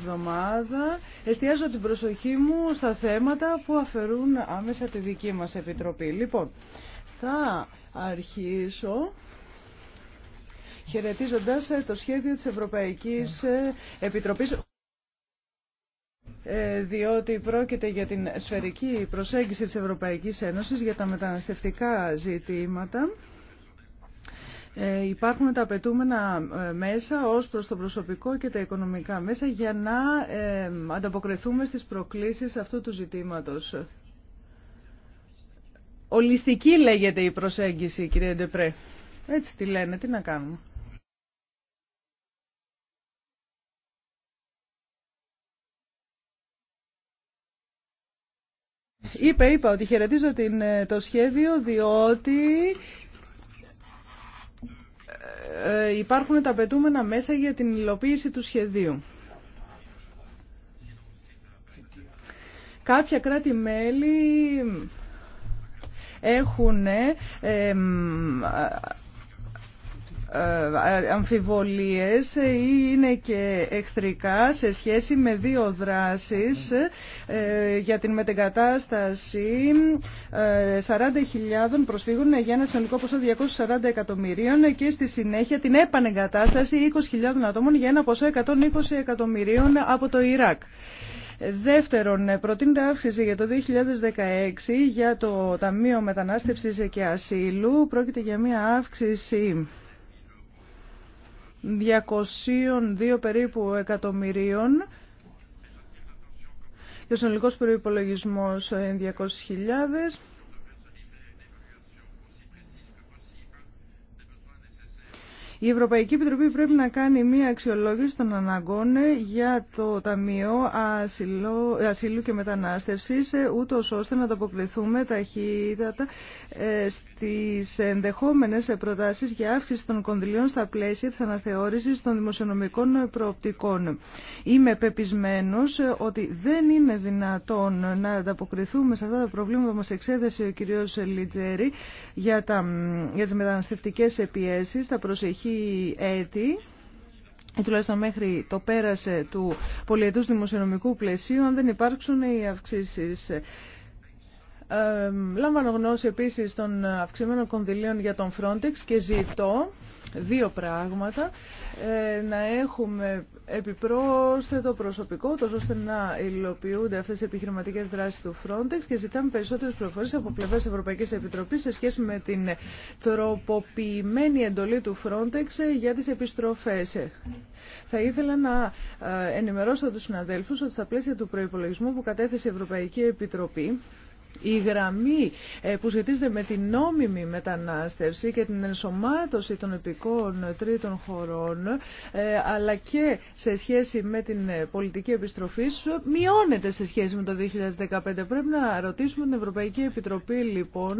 εβδομάδα εστιάζω την προσοχή μου στα θέματα που αφαιρούν άμεσα τη δική μας Επιτροπή. Λοιπόν, θα αρχίσω χαιρετίζοντας ε, το σχέδιο της Ευρωπαϊκής ε, Επιτροπής ε, διότι πρόκειται για την σφαιρική προσέγγιση της Ευρωπαϊκής Ένωσης για τα μεταναστευτικά ζητήματα. Ε, υπάρχουν τα απαιτούμενα ε, μέσα ως προς το προσωπικό και τα οικονομικά μέσα για να ε, ανταποκριθούμε στις προκλήσεις αυτού του ζητήματος. Ολιστική λέγεται η προσέγγιση, κύριε Ντεπρέ. Έτσι τη λένε, τι να κάνουμε. Είπε, είπα ότι χαιρετίζω την, το σχέδιο διότι ε, υπάρχουν τα πετούμενα μέσα για την υλοποίηση του σχεδίου. Κάποια κράτη-μέλη έχουν ε, αμφιβολίες ή ε, είναι και εχθρικά σε σχέση με δύο δράσεις ε, για την μετεγκατάσταση 40.000 προσφύγων για ένα συνολικό ποσό 240 εκατομμυρίων και στη συνέχεια την επανεγκατάσταση 20.000 ατόμων για ένα ποσό 120 εκατομμυρίων από το Ιράκ. Δεύτερον, προτείνεται αύξηση για το 2016 για το Ταμείο Μετανάστευσης και Ασύλου. Πρόκειται για μια αύξηση 202 περίπου εκατομμυρίων και ο συνολικός προϋπολογισμός 200.000. Η Ευρωπαϊκή Επιτροπή πρέπει να κάνει μία αξιολόγηση των αναγκών για το Ταμείο Ασύλου και Μετανάστευσης, ε, ούτως ώστε να ανταποκριθούμε ταχύτατα ε, στις ενδεχόμενες προτάσεις για αύξηση των κονδυλίων στα πλαίσια της αναθεώρησης των δημοσιονομικών προοπτικών. Είμαι πεπισμένος ε, ότι δεν είναι δυνατόν να ανταποκριθούμε σε αυτά τα προβλήματα που μας εξέδεσε ο κ. Λιτζέρη για, τα, για τις μεταναστευτικές επιέσεις, τα προσεχή έχει έτη τουλάχιστον μέχρι το πέρασε του πολιετούς δημοσιονομικού πλαισίου αν δεν υπάρξουν οι αυξήσεις λάμβανω γνώση επίσης των αυξημένων κονδυλίων για τον Frontex και ζητώ δύο πράγματα. Ε, να έχουμε επιπρόσθετο προσωπικό, τόσο ώστε να υλοποιούνται αυτές οι επιχειρηματικές δράσεις του Frontex και ζητάμε περισσότερες πληροφορίες από πλευρές Ευρωπαϊκής Επιτροπής σε σχέση με την τροποποιημένη εντολή του Frontex για τις επιστροφές. Θα ήθελα να ε, ενημερώσω τους συναδέλφους ότι στα πλαίσια του προϋπολογισμού που κατέθεσε η Ευρωπαϊκή Επιτροπή η γραμμή ε, που σχετίζεται με την νόμιμη μετανάστευση και την ενσωμάτωση των επικών τρίτων χωρών ε, αλλά και σε σχέση με την ε, πολιτική επιστροφή μειώνεται σε σχέση με το 2015. Πρέπει να ρωτήσουμε την Ευρωπαϊκή Επιτροπή λοιπόν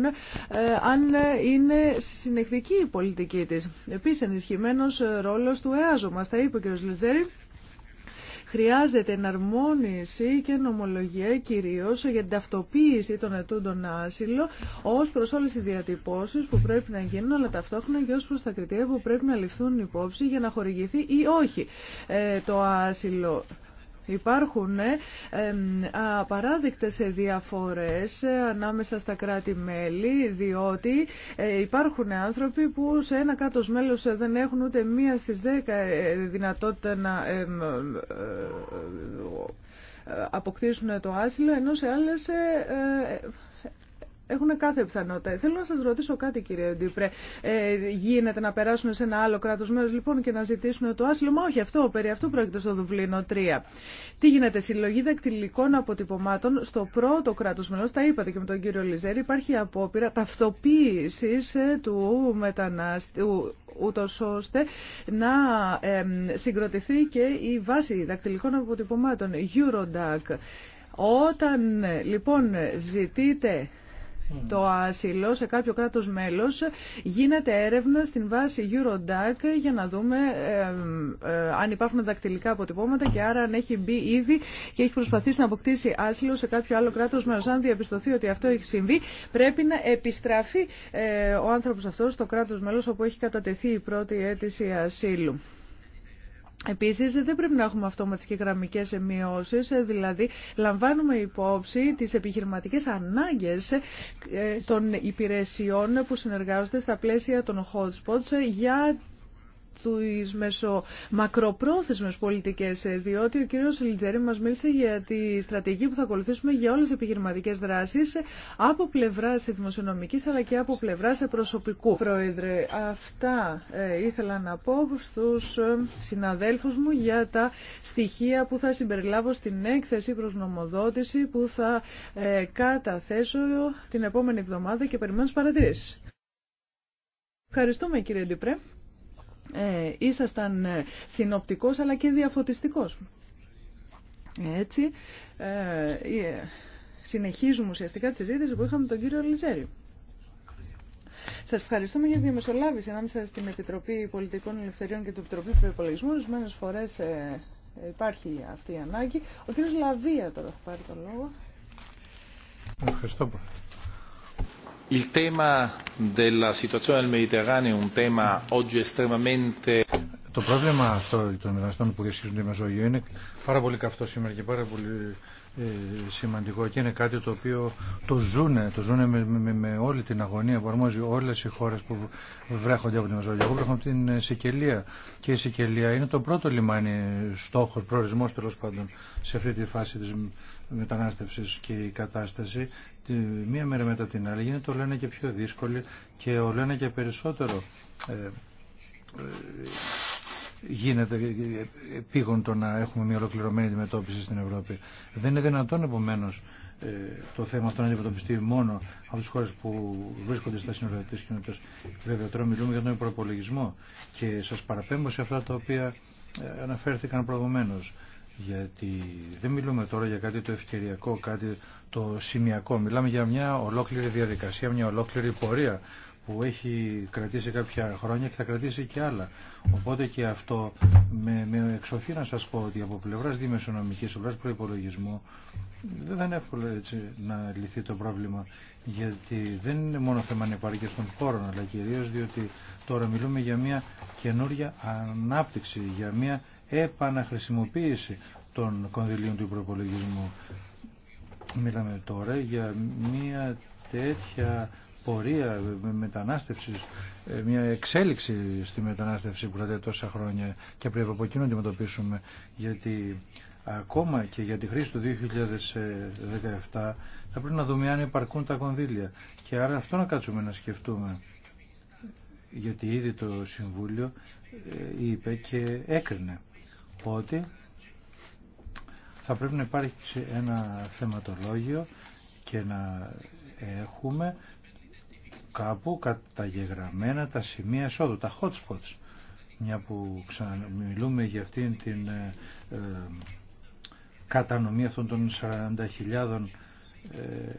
αν είναι συνεχτική η πολιτική της. Επίσης ενισχυμένος ρόλος του ΕΑΖΟ μας τα είπε ο κ. Λιτζέρη Χρειάζεται εναρμόνιση και νομολογία κυρίως για την ταυτοποίηση των ετούντων άσυλο ως προς όλες τις διατυπώσεις που πρέπει να γίνουν αλλά ταυτόχρονα και ως προς τα κριτήρια που πρέπει να ληφθούν υπόψη για να χορηγηθεί ή όχι ε, το άσυλο. Υπάρχουν ε, απαράδεκτες διαφορές ε, ανάμεσα στα κράτη-μέλη, διότι ε, υπάρχουν άνθρωποι που σε ένα κάτω μέλος δεν έχουν ούτε μία στις δέκα δυνατότητα να αποκτήσουν το άσυλο, ενώ σε άλλες έχουν κάθε πιθανότητα. Θέλω να σα ρωτήσω κάτι, κύριε Ντύπρε. Ε, γίνεται να περάσουν σε ένα άλλο κράτο μέρο λοιπόν και να ζητήσουν το άσυλο. Μα όχι, αυτό, περί αυτού πρόκειται στο Δουβλίνο 3. Τι γίνεται, συλλογή δακτυλικών αποτυπωμάτων στο πρώτο κράτο μέρο, τα είπατε και με τον κύριο Λιζέρη, υπάρχει απόπειρα ταυτοποίηση ε, του μετανάστη, ούτω ώστε να συγκροτηθεί και η βάση δακτυλικών αποτυπωμάτων, Eurodac. Όταν λοιπόν ζητείτε Mm. το άσυλο σε κάποιο κράτος μέλος γίνεται έρευνα στην βάση Eurodac για να δούμε ε, αν υπάρχουν δακτυλικά αποτυπώματα και άρα αν έχει μπει ήδη και έχει προσπαθήσει να αποκτήσει άσυλο σε κάποιο άλλο κράτος μέλος. Αν διαπιστωθεί ότι αυτό έχει συμβεί πρέπει να επιστραφεί ε, ο άνθρωπος αυτός στο κράτος μέλος όπου έχει κατατεθεί η πρώτη αίτηση ασύλου. Επίση, δεν πρέπει να έχουμε αυτόματες και γραμμικές μειώσεις, ε, δηλαδή λαμβάνουμε υπόψη τις επιχειρηματικέ ανάγκες ε, των υπηρεσιών που συνεργάζονται στα πλαίσια των hotspots ε, για τις μακροπρόθεσμες πολιτικές, ε, διότι ο κύριος Λιτζέρη μας μίλησε για τη στρατηγική που θα ακολουθήσουμε για όλες τις επιχειρηματικές δράσεις ε, από πλευράς δημοσιονομικής αλλά και από πλευράς ε, προσωπικού. Πρόεδρε, αυτά ήθελα να πω στους συναδέλφους μου για τα στοιχεία που θα συμπεριλάβω στην έκθεση προς νομοδότηση που θα καταθέσω την επόμενη εβδομάδα και περιμένω τις παρατηρήσεις. Ευχαριστούμε κύριε Ντιπρέ ε, ήσασταν ε, συνοπτικός αλλά και διαφωτιστικός. Έτσι, ε, ε, συνεχίζουμε ουσιαστικά τη συζήτηση που είχαμε τον κύριο Λιζέρη. Σα ευχαριστούμε για τη διαμεσολάβηση ανάμεσα στην Επιτροπή Πολιτικών Ελευθεριών και την Επιτροπή Προπολογισμού. Ορισμένε φορέ ε, υπάρχει αυτή η ανάγκη. Ο κύριος Λαβία τώρα θα πάρει τον λόγο. Ευχαριστώ πολύ. Il tema della situazione del Mediterraneo è un tema oggi estremamente το πρόβλημα αυτό των μεταναστών που διασχίζουν τη Μεσόγειο είναι πάρα πολύ καυτό σήμερα και πάρα πολύ ε, σημαντικό και είναι κάτι το οποίο το ζούνε, το ζούνε με, με, όλη την αγωνία που αρμόζει όλες οι χώρες που βρέχονται από τη Μεσόγειο. Εγώ βρέχομαι από την ε, Σικελία και η Σικελία είναι το πρώτο λιμάνι στόχος, προορισμός τέλο πάντων σε αυτή τη φάση της μετανάστευσης και η κατάσταση τη, μία μέρα μετά την άλλη γίνεται όλο ένα και πιο δύσκολη και όλο ένα και περισσότερο ε, ε γίνεται πήγον το να έχουμε μια ολοκληρωμένη αντιμετώπιση στην Ευρώπη. Δεν είναι δυνατόν επομένω ε, το θέμα αυτό να αντιμετωπιστεί μόνο από τι χώρε που βρίσκονται στα σύνορα τη κοινότητα. Βέβαια, τώρα μιλούμε για τον προπολογισμό και σα παραπέμπω σε αυτά τα οποία ε, αναφέρθηκαν προηγουμένω. Γιατί δεν μιλούμε τώρα για κάτι το ευκαιριακό, κάτι το σημειακό. Μιλάμε για μια ολόκληρη διαδικασία, μια ολόκληρη πορεία που έχει κρατήσει κάποια χρόνια και θα κρατήσει και άλλα. Οπότε και αυτό με, με να σας πω ότι από πλευράς δημοσιονομικής, πλευράς προϋπολογισμού δεν είναι εύκολο έτσι να λυθεί το πρόβλημα γιατί δεν είναι μόνο θέμα ανεπάρκειας των χώρων αλλά κυρίως διότι τώρα μιλούμε για μια καινούρια ανάπτυξη, για μια επαναχρησιμοποίηση των κονδυλίων του προπολογισμού. Μιλάμε τώρα για μια τέτοια πορεία μετανάστευση, ε, μια εξέλιξη στη μετανάστευση που κρατάει τόσα χρόνια και πρέπει από εκείνο να αντιμετωπίσουμε γιατί ακόμα και για τη χρήση του 2017 θα πρέπει να δούμε αν υπαρκούν τα κονδύλια και άρα αυτό να κάτσουμε να σκεφτούμε γιατί ήδη το Συμβούλιο ε, είπε και έκρινε ότι θα πρέπει να υπάρξει ένα θεματολόγιο και να έχουμε κάπου καταγεγραμμένα τα σημεία εσόδου, τα hot spots. Μια που ξαναμιλούμε για αυτήν την ε, ε, κατανομή αυτών των 40.000 ε,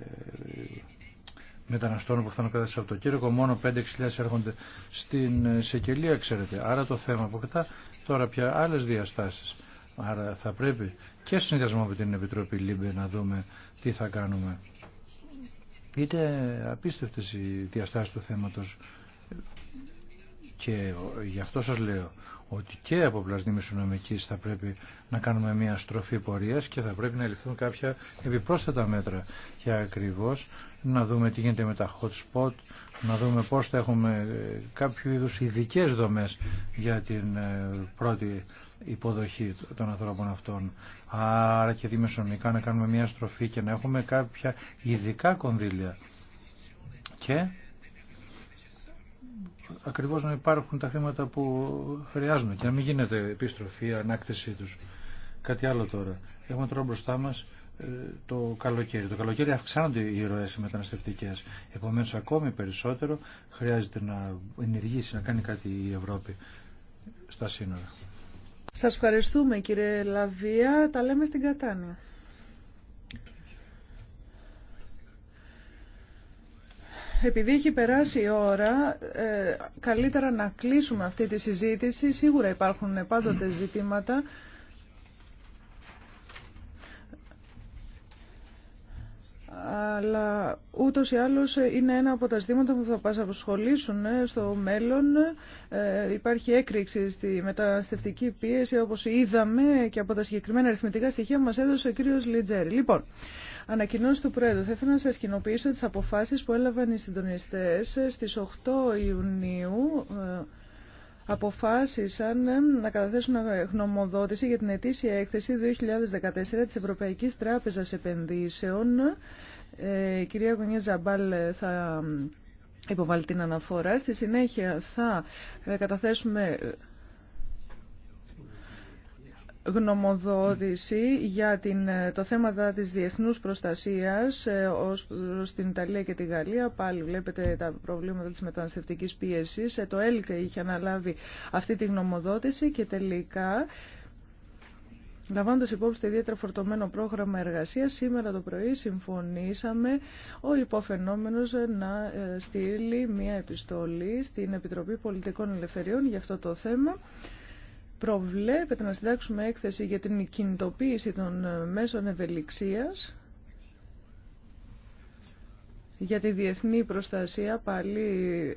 μεταναστών που φτάνουν πέρα από το Κύρκο, μόνο 5.000 έρχονται στην ε, Σεκελία, ξέρετε. Άρα το θέμα που τώρα πια άλλες διαστάσεις. Άρα θα πρέπει και συνδυασμό με την Επιτροπή Λίμπε να δούμε τι θα κάνουμε. Είτε απίστευτες οι διαστάσεις του θέματος και γι' αυτό σας λέω ότι και από πλασδί μισονομικής θα πρέπει να κάνουμε μια στροφή πορείας και θα πρέπει να ληφθούν κάποια επιπρόσθετα μέτρα και ακριβώς να δούμε τι γίνεται με τα hot spot, να δούμε πώς θα έχουμε ε, κάποιο είδους ειδικέ δομές για την ε, πρώτη υποδοχή των ανθρώπων αυτών. Άρα και δημεσονικά να κάνουμε μια στροφή και να έχουμε κάποια ειδικά κονδύλια. Και ακριβώς να υπάρχουν τα χρήματα που χρειάζονται και να μην γίνεται επιστροφή, ανάκτησή τους. Κάτι άλλο τώρα. Έχουμε τώρα μπροστά μας ε, το καλοκαίρι. Το καλοκαίρι αυξάνονται οι ροές μεταναστευτικέ. μεταναστευτικές. Επομένως ακόμη περισσότερο χρειάζεται να ενεργήσει, να κάνει κάτι η Ευρώπη στα σύνορα. Σας ευχαριστούμε κύριε Λαβία. Τα λέμε στην Κατάνια. Επειδή έχει περάσει η ώρα, ε, καλύτερα να κλείσουμε αυτή τη συζήτηση. Σίγουρα υπάρχουν πάντοτε ζητήματα. αλλά ούτως ή άλλως είναι ένα από τα ζητήματα που θα πας αποσχολήσουν ε, στο μέλλον. Ε, υπάρχει έκρηξη στη μεταστευτική πίεση όπως είδαμε και από τα συγκεκριμένα αριθμητικά στοιχεία μας έδωσε ο κύριος Λιτζέρη. Λοιπόν, ανακοινώσει του Πρόεδρου. Θα ήθελα να σας κοινοποιήσω τις αποφάσεις που έλαβαν οι συντονιστές ε, στις 8 Ιουνίου ε, αποφάσισαν να καταθέσουν γνωμοδότηση για την ετήσια έκθεση 2014 της Ευρωπαϊκής Τράπεζας Επενδύσεων. Η ε, κυρία Γωνία Ζαμπάλ θα υποβάλει την αναφορά. Στη συνέχεια θα ε, καταθέσουμε γνωμοδότηση για την, το θέμα της διεθνούς προστασίας ε, ως ως την Ιταλία και τη Γαλλία. Πάλι βλέπετε τα προβλήματα της μεταναστευτικής πίεσης. Ε, το ΕΛΚΑ είχε αναλάβει αυτή τη γνωμοδότηση και τελικά... Λαμβάνοντα υπόψη το ιδιαίτερα φορτωμένο πρόγραμμα εργασία, σήμερα το πρωί συμφωνήσαμε ο υποφαινόμενο να ε, στείλει μία επιστολή στην Επιτροπή Πολιτικών Ελευθεριών για αυτό το θέμα προβλέπεται να συντάξουμε έκθεση για την κινητοποίηση των ε, μέσων ευελιξίας για τη διεθνή προστασία πάλι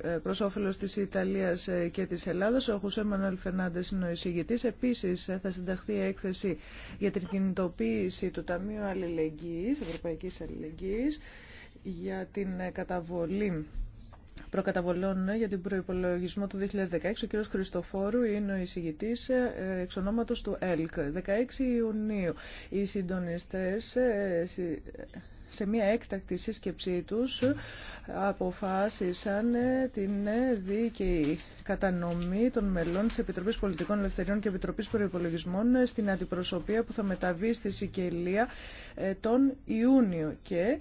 ε, προς όφελος της Ιταλίας ε, και της Ελλάδας. Ο Χουσέ Μανουέλ Φερνάντες είναι ο εισηγητής. Επίσης θα συνταχθεί έκθεση για την κινητοποίηση του Ταμείου Αλληλεγγύης, Ευρωπαϊκής Αλληλεγγύης για την καταβολή προκαταβολών ναι, για την προϋπολογισμό του 2016. Ο κ. Χριστοφόρου είναι ο εισηγητής ε, εξ του ΕΛΚ. 16 Ιουνίου οι συντονιστές ε, σε μια έκτακτη σύσκεψή τους ε, αποφάσισαν την δίκαιη κατανομή των μελών της Επιτροπής Πολιτικών Ελευθεριών και Επιτροπής Προϋπολογισμών στην αντιπροσωπεία που θα μεταβεί στη Σικελία τον Ιούνιο και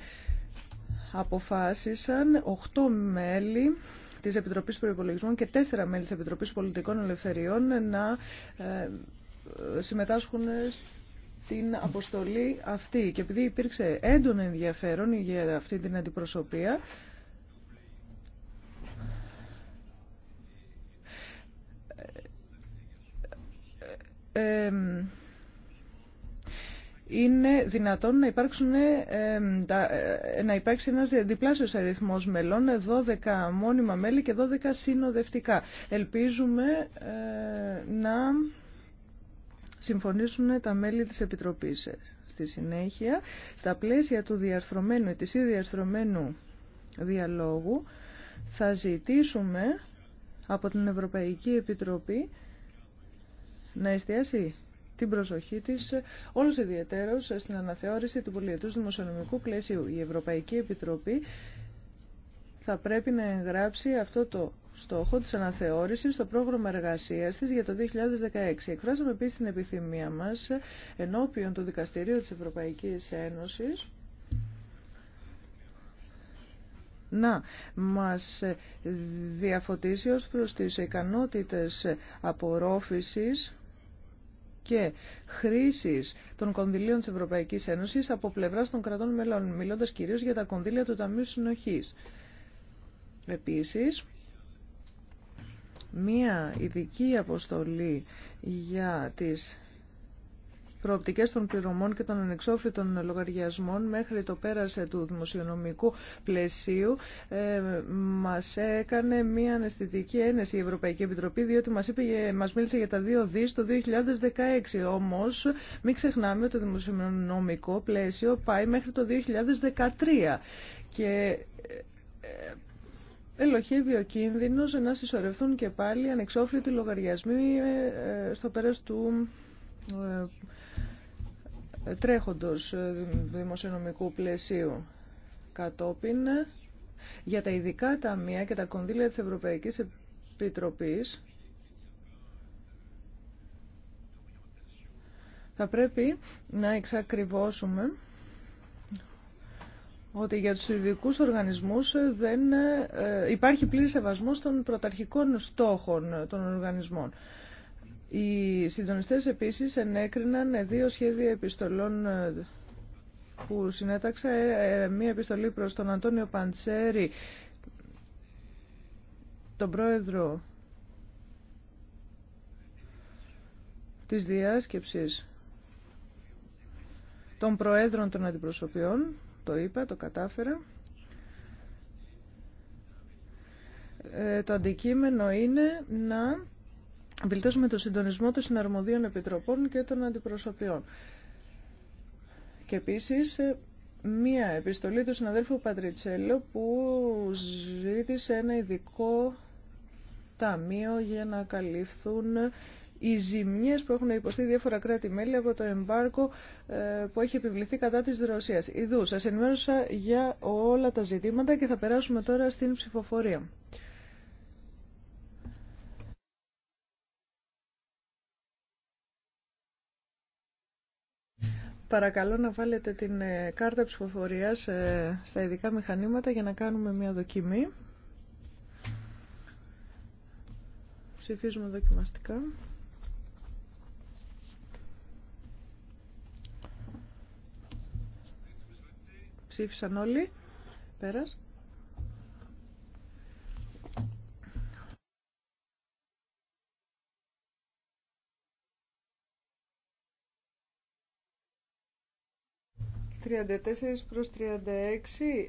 αποφάσισαν 8 μέλη της Επιτροπής Προϋπολογισμών και 4 μέλη της Επιτροπής Πολιτικών Ελευθεριών να ε, συμμετάσχουν στην αποστολή αυτή. Και επειδή υπήρξε έντονο ενδιαφέρον για αυτή την αντιπροσωπεία, ε, ε, είναι δυνατόν να, υπάρξουν, ε, ε, να υπάρξει ένας διπλάσιος αριθμός μελών, 12 μόνιμα μέλη και 12 συνοδευτικά. Ελπίζουμε ε, να συμφωνήσουν τα μέλη της Επιτροπής. Στη συνέχεια, στα πλαίσια του διαρθρωμένου, ετησίου διαρθρωμένου διαλόγου, θα ζητήσουμε από την Ευρωπαϊκή Επιτροπή να εστιάσει την προσοχή της όλου ιδιαίτερως στην αναθεώρηση του πολιετού δημοσιονομικού πλαισίου. Η Ευρωπαϊκή Επιτροπή θα πρέπει να εγγράψει αυτό το στόχο της αναθεώρησης στο πρόγραμμα εργασίας της για το 2016. Εκφράσαμε επίσης την επιθυμία μας ενώπιον του Δικαστηρίου της Ευρωπαϊκής Ένωσης να μας διαφωτίσει ως προς τις ικανότητες απορρόφησης και χρήσης των κονδυλίων της Ευρωπαϊκής Ένωσης από πλευράς των κρατών μελών, μιλώντας κυρίως για τα κονδύλια του Ταμείου Συνοχής. Επίσης, μία ειδική αποστολή για τις προοπτικές των πληρωμών και των ανεξόφλητων λογαριασμών μέχρι το πέρασε του δημοσιονομικού πλαισίου ε, μας έκανε μία αναισθητική ένεση η Ευρωπαϊκή Επιτροπή διότι μας, είπε, μας μίλησε για τα 2 δις το 2016 όμως μην ξεχνάμε ότι το δημοσιονομικό πλαίσιο πάει μέχρι το 2013 και ε, ελοχεύει ο κίνδυνος να συσσωρευτούν και πάλι ανεξόφλητοι λογαριασμοί ε, ε, στο πέρας του τρέχοντος ε, δημοσιονομικού πλαισίου κατόπιν για τα ειδικά ταμεία και τα κονδύλια της Ευρωπαϊκής Επιτροπής θα πρέπει να εξακριβώσουμε ότι για τους ειδικού οργανισμούς δεν ε, υπάρχει πλήρη σεβασμός των πρωταρχικών στόχων των οργανισμών. Οι συντονιστές επίσης ενέκριναν δύο σχέδια επιστολών ε, που συνέταξα. Ε, ε, μία επιστολή προς τον Αντώνιο Παντσέρη, τον πρόεδρο της διάσκεψης των προέδρων των αντιπροσωπιών, το είπα, το κατάφερα. το αντικείμενο είναι να βελτιώσουμε το συντονισμό των συναρμοδίων επιτροπών και των αντιπροσωπιών. Και επίσης ε, μία επιστολή του συναδέλφου Πατριτσέλο που ζήτησε ένα ειδικό ταμείο για να καλυφθούν οι ζημιές που έχουν υποστεί διάφορα κράτη-μέλη από το εμπάρκο ε, που έχει επιβληθεί κατά της Ρωσίας. Ιδού, σας ενημέρωσα για όλα τα ζητήματα και θα περάσουμε τώρα στην ψηφοφορία. Παρακαλώ να βάλετε την ε, κάρτα ψηφοφορίας ε, στα ειδικά μηχανήματα για να κάνουμε μια δοκιμή. Ψηφίζουμε δοκιμαστικά. Ψήφισαν όλοι. Πέρας. 34 προς 36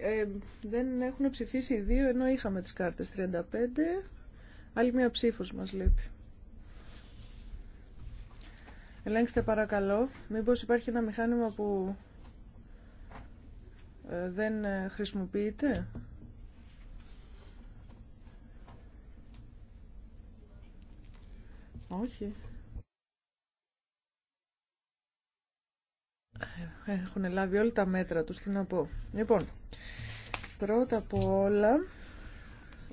ε, δεν έχουν ψηφίσει δύο ενώ είχαμε τις κάρτες 35 άλλη μία ψήφος μας λείπει ελέγξτε παρακαλώ μήπως υπάρχει ένα μηχάνημα που ε, δεν ε, χρησιμοποιείται όχι Έχουν λάβει όλα τα μέτρα τους, τι να πω. Λοιπόν, πρώτα απ' όλα,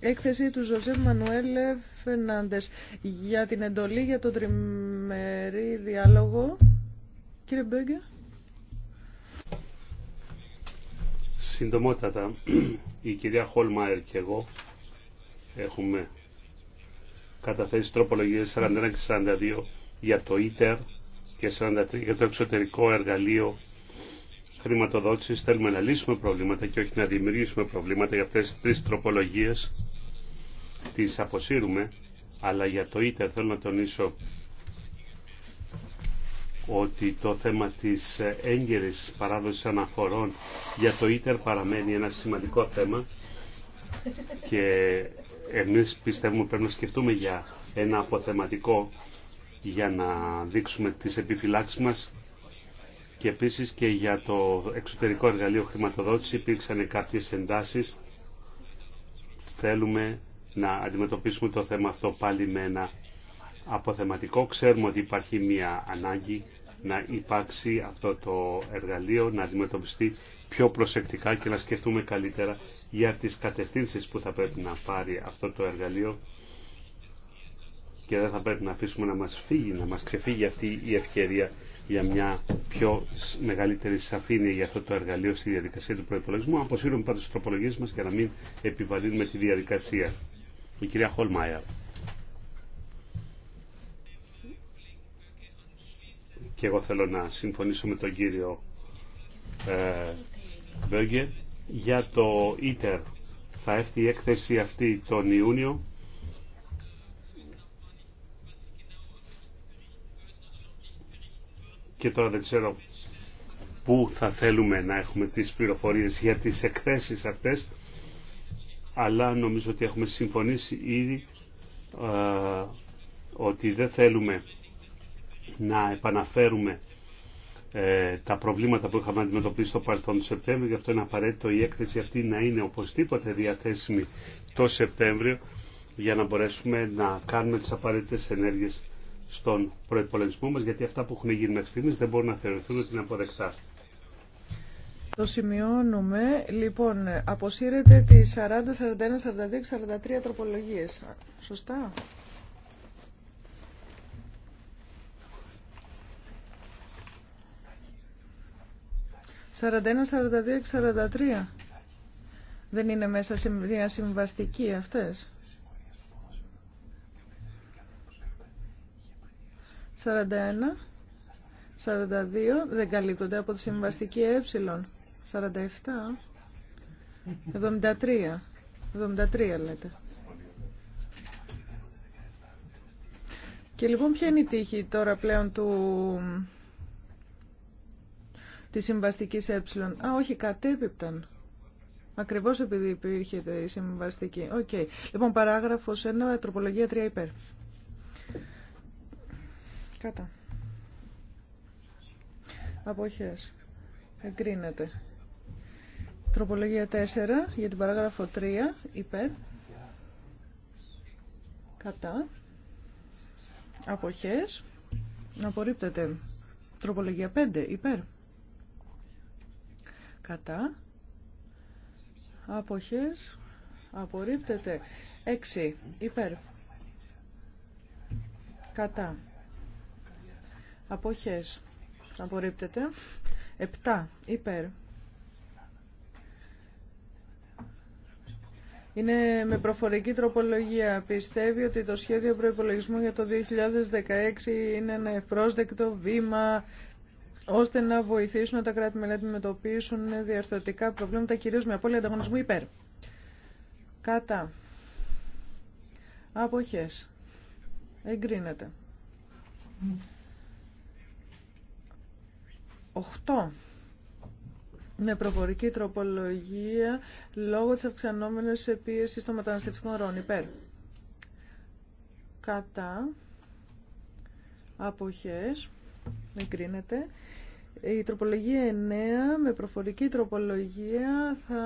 έκθεση του Ζωζέ Μανουέλ Φερνάντες για την εντολή για τον τριμερή διάλογο. Κύριε Μπέγκε. Συντομότατα, η κυρία Χολμάερ και εγώ έχουμε καταθέσει τροπολογίες 41 και 42 για το ΙΤΕΡ και για το εξωτερικό εργαλείο χρηματοδότησης. Θέλουμε να λύσουμε προβλήματα και όχι να δημιουργήσουμε προβλήματα. Για αυτές τις τρεις τροπολογίες τις αποσύρουμε, αλλά για το ίτερ θέλω να τονίσω ότι το θέμα της έγκαιρης παράδοσης αναφορών για το ίτερ παραμένει ένα σημαντικό θέμα και εμείς πιστεύουμε πρέπει να σκεφτούμε για ένα αποθεματικό για να δείξουμε τις επιφυλάξεις μας και επίσης και για το εξωτερικό εργαλείο χρηματοδότηση υπήρξαν κάποιες εντάσεις. Θέλουμε να αντιμετωπίσουμε το θέμα αυτό πάλι με ένα αποθεματικό. Ξέρουμε ότι υπάρχει μια ανάγκη να υπάρξει αυτό το εργαλείο, να αντιμετωπιστεί πιο προσεκτικά και να σκεφτούμε καλύτερα για τις κατευθύνσεις που θα πρέπει να πάρει αυτό το εργαλείο και δεν θα πρέπει να αφήσουμε να μας φύγει, να μας ξεφύγει αυτή η ευκαιρία για μια πιο μεγαλύτερη σαφήνεια για αυτό το εργαλείο στη διαδικασία του προπολογισμού. Αποσύρουμε πάντως τις τροπολογίες μας για να μην επιβαλύνουμε τη διαδικασία. Η κυρία Χολμάια. Και εγώ θέλω να συμφωνήσω με τον κύριο ε, Μπέγκε για το ΙΤΕΡ. Θα έρθει η έκθεση αυτή τον Ιούνιο και τώρα δεν ξέρω πού θα θέλουμε να έχουμε τις πληροφορίες για τις εκθέσεις αυτές αλλά νομίζω ότι έχουμε συμφωνήσει ήδη ότι δεν θέλουμε να επαναφέρουμε ε, τα προβλήματα που είχαμε αντιμετωπίσει στο παρελθόν του Σεπτέμβριο γι' αυτό είναι απαραίτητο η έκθεση αυτή να είναι οπωσδήποτε διαθέσιμη το Σεπτέμβριο για να μπορέσουμε να κάνουμε τις απαραίτητες ενέργειες στον προπολογισμό μα, γιατί αυτά που έχουν γίνει μέχρι στιγμής δεν μπορούν να θεωρηθούν ότι είναι αποδεκτά. Το σημειώνουμε. Λοιπόν, αποσύρεται τι 40, 41, 42, 43 τροπολογίες. Σωστά. 41, 42, 43. Δεν είναι μέσα μια συμβαστική αυτές. 41, 42 δεν καλύπτονται από τη συμβαστική ε. 47, 73, 73 λέτε. Και λοιπόν ποια είναι η τύχη τώρα πλέον του... τη συμβαστική ε. Α, όχι, κατέπιπταν. Ακριβώ επειδή υπήρχε η συμβαστική. Οκ. Λοιπόν, παράγραφος 1, τροπολογία 3 υπέρ. Κατά. Αποχές. Εγκρίνεται. Τροπολογία 4 για την παράγραφο 3 υπέρ. Κατά. Αποχές. Απορρίπτεται. Τροπολογία 5 υπέρ. Κατά. Αποχές. Απορρίπτεται. 6 υπέρ. Κατά. Αποχές. Απορρίπτεται. 7. Υπέρ. Είναι με προφορική τροπολογία. Πιστεύει ότι το σχέδιο προϋπολογισμού για το 2016 είναι ένα ευπρόσδεκτο βήμα ώστε να βοηθήσουν τα κρατη μελέτη να αντιμετωπίσουν διαρθρωτικά προβλήματα, κυρίως με απώλεια ανταγωνισμού υπέρ. Κατά. Αποχές. Εγκρίνεται. 8 με προφορική τροπολογία λόγω της αυξανόμενης πίεσης των μεταναστευτικών ρόλων. Υπέρ. Κατά. Αποχές. Εγκρίνεται. Η τροπολογία 9 με προφορική τροπολογία θα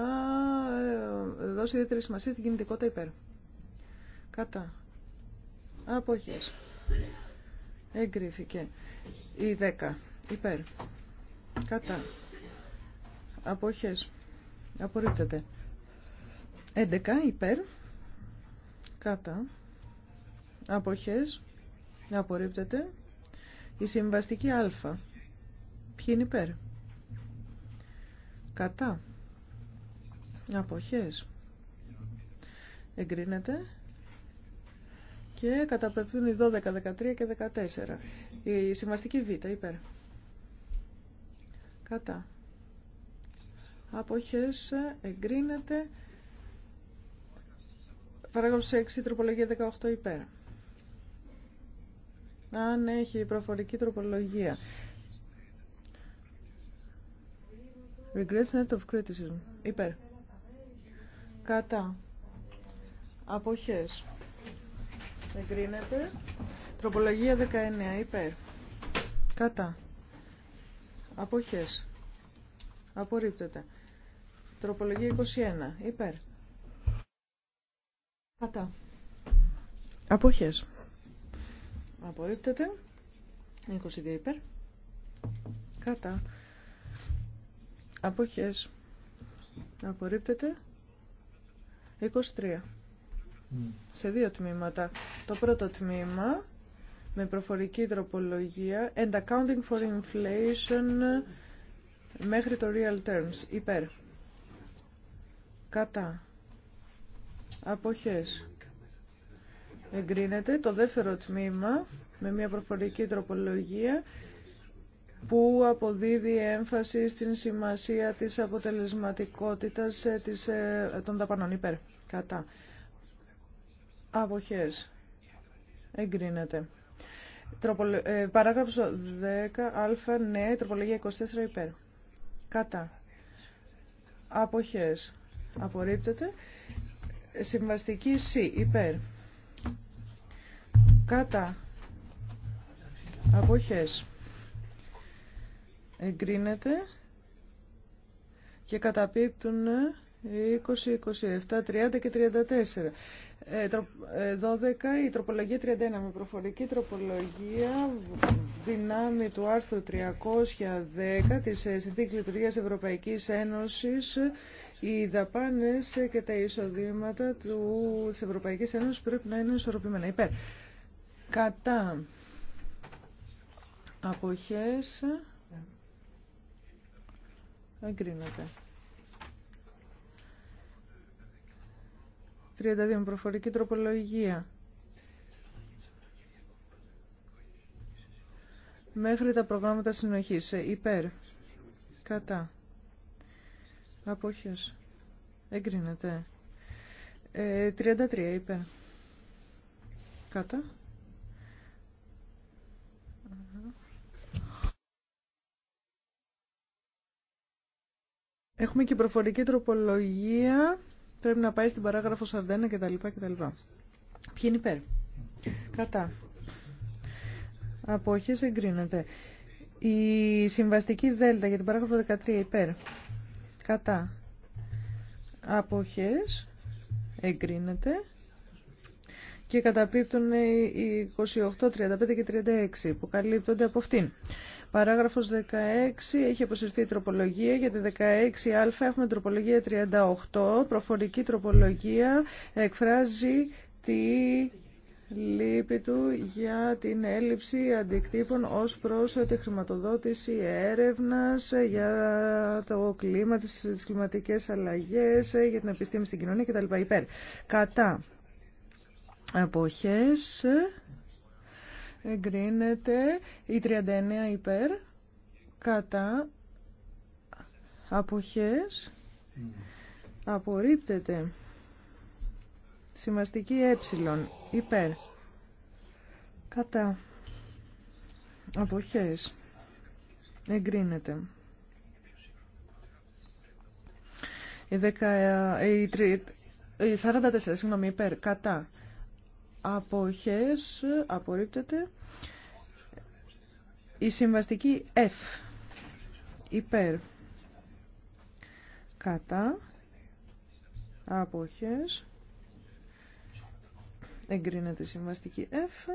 ε, δώσει ιδιαίτερη σημασία στην κινητικότητα υπέρ. Κατά. Αποχές. Εγκρίθηκε. Η 10 υπέρ. Κατά. Αποχές. Απορρίπτεται. 11 υπέρ. Κατά. Αποχές. Απορρίπτεται. Η συμβαστική α. Ποιοι είναι υπέρ. Κατά. Αποχές. Εγκρίνεται. Και καταπευθούν οι 12, 13 και 14. Η συμβαστική β. Υπέρ κατά αποχές ε, εγκρίνεται παράγραφος 6 τροπολογία 18 υπέρ αν έχει προφορική τροπολογία Regrets of criticism υπέρ κατά αποχές εγκρίνεται τροπολογία 19 υπέρ κατά Αποχές. Απορρίπτεται. Τροπολογία 21. Υπέρ. Κατά. Αποχές. Απορρίπτεται. 22 υπέρ. Κατά. Αποχές. Απορρίπτεται. 23. Mm. Σε δύο τμήματα. Το πρώτο τμήμα με προφορική τροπολογία and accounting for inflation μέχρι το real terms. Υπέρ. Κατά. Αποχές. Εγκρίνεται το δεύτερο τμήμα με μια προφορική τροπολογία που αποδίδει έμφαση στην σημασία της αποτελεσματικότητας ε, της, ε, των δαπανών υπέρ. Κατά. Αποχές. Εγκρίνεται. Τροπολο... Ε, παράγραφος 10α, ναι, τροπολογία 24 υπέρ. Κατά. Αποχές. Απορρίπτεται. Συμβαστική C υπέρ. Κατά. Αποχές. Εγκρίνεται. Και καταπίπτουν 20, 27, 30 και 34. 12 ε, ε, η τροπολογία 31 με προφορική τροπολογία δυνάμει του άρθρου 310 της ε, Συνθήκης Λειτουργίας Ευρωπαϊκής Ένωσης οι δαπάνες και τα εισοδήματα του, της Ευρωπαϊκής Ένωσης πρέπει να είναι ισορροπημένα. Υπέρ. Κατά αποχές εγκρίνεται. 32. Προφορική τροπολογία. Μέχρι τα προγράμματα συνοχής. Ε, υπέρ. Κατά. Αποχές. Εγκρίνεται. Ε, 33. Υπέρ. Κατά. Έχουμε και προφορική τροπολογία πρέπει να πάει στην παράγραφο 41 κτλ. κτλ. Ποιοι είναι υπέρ. Κατά. Αποχές εγκρίνεται. Η συμβαστική δέλτα για την παράγραφο 13 υπέρ. Κατά. Αποχές εγκρίνεται. Και καταπίπτουν οι 28, 35 και 36 που καλύπτονται από αυτήν. Παράγραφος 16 έχει αποσυρθεί η τροπολογία. Για τη 16α έχουμε τροπολογία 38. Προφορική τροπολογία εκφράζει τη λύπη του για την έλλειψη αντικτύπων ως προς τη χρηματοδότηση έρευνας για το κλίμα, τις κλιματικές αλλαγές, για την επιστήμη στην κοινωνία κτλ. Υπέρ. Κατά. Αποχές εγκρίνεται η 39 υπέρ κατά αποχές απορρίπτεται σημαστική ε υπέρ κατά αποχές εγκρίνεται η 44 ε, συγγνώμη υπέρ κατά αποχές απορρίπτεται η συμβαστική F υπέρ κατά αποχές εγκρίνεται η συμβαστική F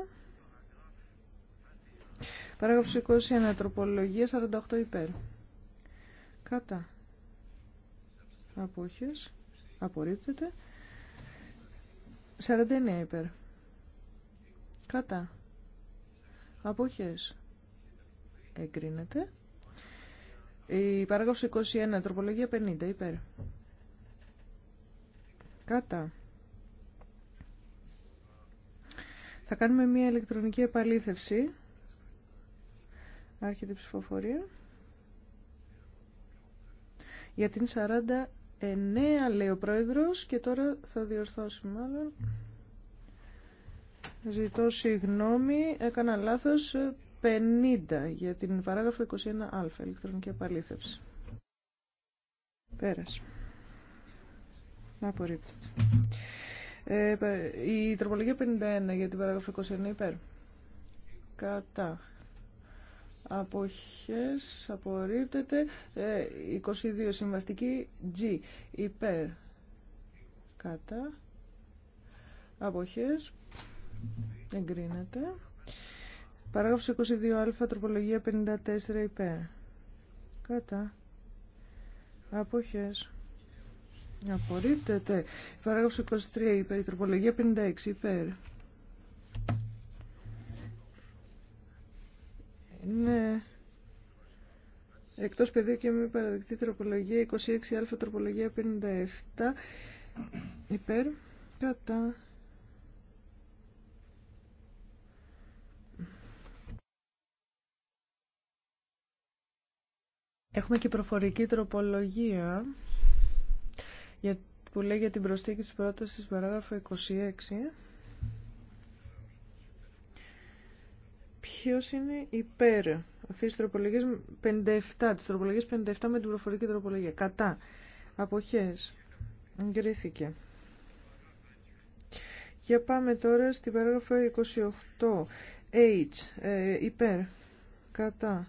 παράγραφος 21 τροπολογία 48 υπέρ κατά αποχές απορρίπτεται 49 υπέρ Κατά. Αποχές. Εγκρίνεται. Η παράγραφος 21, τροπολογία 50, υπέρ. Κατά. Θα κάνουμε μια ηλεκτρονική επαλήθευση. Άρχεται η ψηφοφορία. Για την 49 λέει ο πρόεδρος και τώρα θα διορθώσουμε μάλλον. Ζητώ συγγνώμη, έκανα λάθος 50 ε, για την παράγραφο 21α, ηλεκτρονική επαλήθευση. Πέρας. Απορρίπτεται. Ε, η τροπολογία 51 για την παράγραφο 21 υπέρ. Κατά. Αποχές απορρίπτεται. Ε, 22 συμβαστική G υπέρ. Κατά. Αποχές Εγκρίνεται. Παράγραφος 22α, τροπολογία 54 υπέρ. Κατά. Αποχές. Απορρίπτεται. Παράγραφος 23 υπέρ. τροπολογία 56 υπέρ. Ναι. εκτός παιδίου και μη παραδεκτή τροπολογία 26α, τροπολογία 57 υπέρ. Κατά. Έχουμε και προφορική τροπολογία για, που λέει την προσθήκη της πρότασης παράγραφο 26. Ποιος είναι υπέρ αυτής της τροπολογίας 57, της τροπολογίας 57 με την προφορική τροπολογία. Κατά. Αποχές. Εγκρίθηκε. Για πάμε τώρα στην παράγραφο 28. H. Ε, υπέρ. Κατά.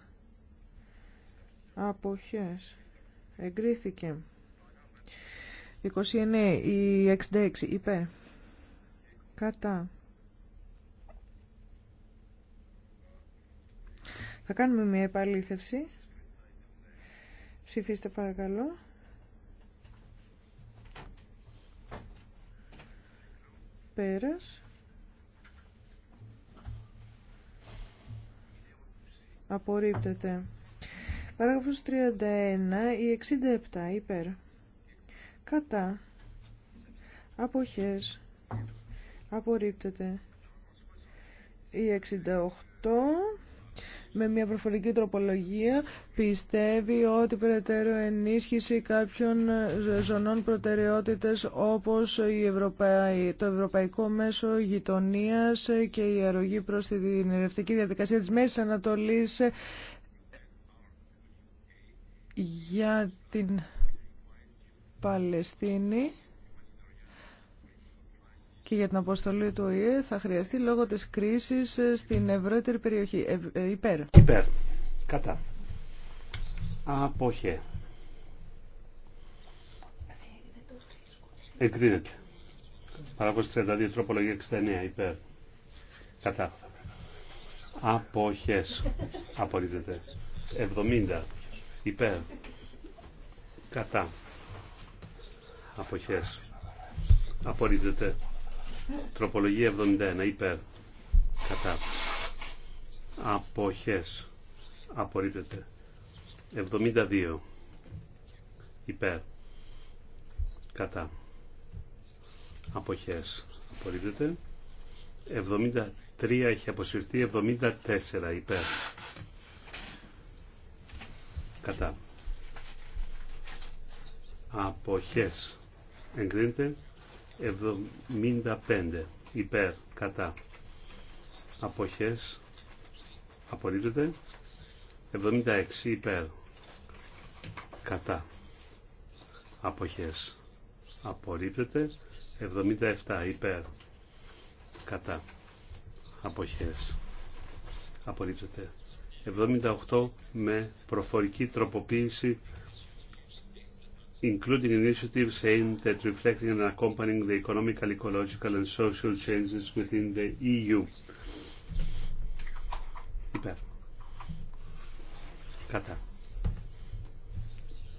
Αποχές. Εγκρίθηκε. 29 ή 66 είπε. Κατά. Θα κάνουμε μια επαλήθευση. Ψηφίστε παρακαλώ. Πέρας. Απορρίπτεται. Παράγραφος 31 ή 67 υπέρ. Κατά. Αποχές. Απορρίπτεται. Η 68 με μια προφορική τροπολογία πιστεύει ότι περαιτέρω ενίσχυση κάποιων ζωνών προτεραιότητες όπως η Ευρωπαϊ... το Ευρωπαϊκό Μέσο Γειτονίας και η αρρωγή προς την ειρευτική διαδικασία της Μέσης Ανατολής για την Παλαιστίνη και για την αποστολή του ΟΗΕ θα χρειαστεί λόγω της κρίσης στην ευρύτερη περιοχή. Ε, ε, υπέρ. Υπέρ. Κατά. Απόχε. Εγκρίνεται. Παράγωση 32, τροπολογία 69, υπέρ. Κατά. Απόχες. Απολύτεται. 70 υπέρ κατά αποχές απορρίπτεται τροπολογία 71 υπέρ κατά αποχές απορρίπτεται 72 υπέρ κατά αποχές απορρίπτεται 73 έχει αποσυρθεί 74 υπέρ κατά αποχές εγκρίνεται 75 υπέρ κατά αποχές απορρίπτεται 76 υπέρ κατά αποχές απορρίπτεται 77 υπέρ κατά αποχές απορρίπτεται 78 με προφορική τροποποίηση including initiatives aimed at reflecting and accompanying the economical, ecological and social changes within the EU. Υπέρ. Κατά.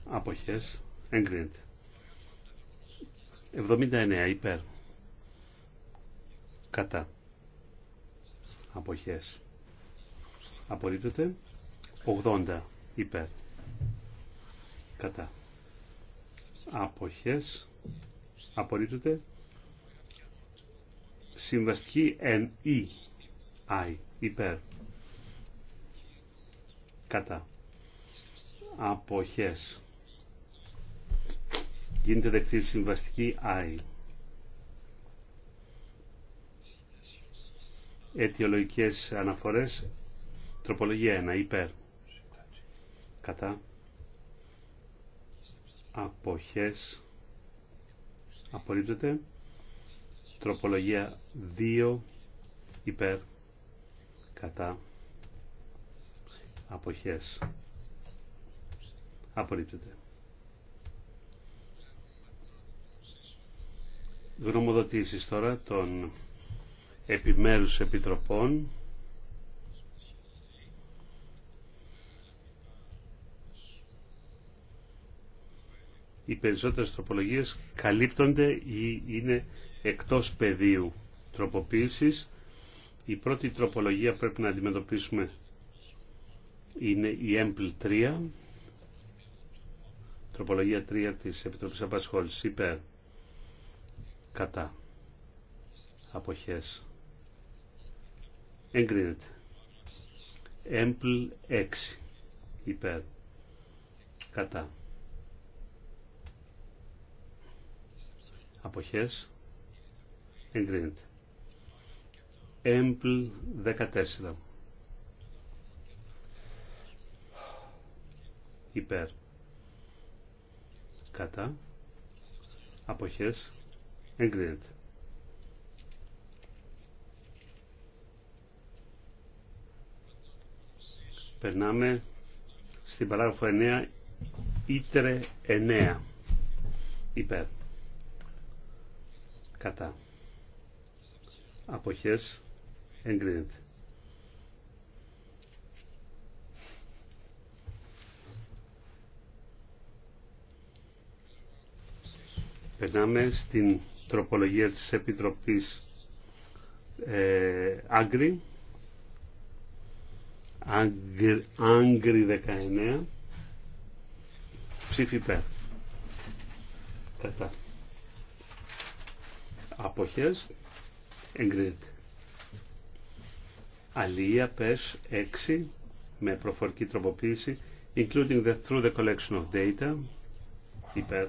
Αποχές. Εγκρίνεται. 79. Υπέρ. Κατά. Αποχές απορρίπτεται 80 υπέρ κατά αποχές απορρίπτεται συμβαστική εν ή υπέρ κατά αποχές γίνεται δεκτή συμβαστική αι αιτιολογικές αναφορές Τροπολογία 1. Υπέρ. Κατά. Αποχές. Απορρίπτεται. Τροπολογία 2. Υπέρ. Κατά. Αποχές. Απορρίπτεται. Γνωμοδοτήσεις τώρα των επιμέρους επιτροπών. οι περισσότερες τροπολογίες καλύπτονται ή είναι εκτός πεδίου τροποποίησης. Η πρώτη τροπολογία πρέπει που να αντιμετωπίσουμε είναι η EMPL 3, τροπολογία 3 της Επιτροπής Απασχόλησης, υπέρ, κατά, αποχές, εγκρίνεται. EMPL 6, υπέρ, κατά αποχές εγκρίνεται. Έμπλ 14 υπέρ κατά αποχές εγκρίνεται. Περνάμε στην παράγραφο 9 ήτρε 9 υπέρ κατά αποχές εγκρίνεται. Περνάμε στην τροπολογία της Επιτροπής ε, Άγκρη. Άγκρη 19. Ψήφι υπέρ. Κατά αποχές εγκρίνεται. Αλία ΠΕΣ 6 με προφορική τροποποίηση including the, through the collection of data υπέρ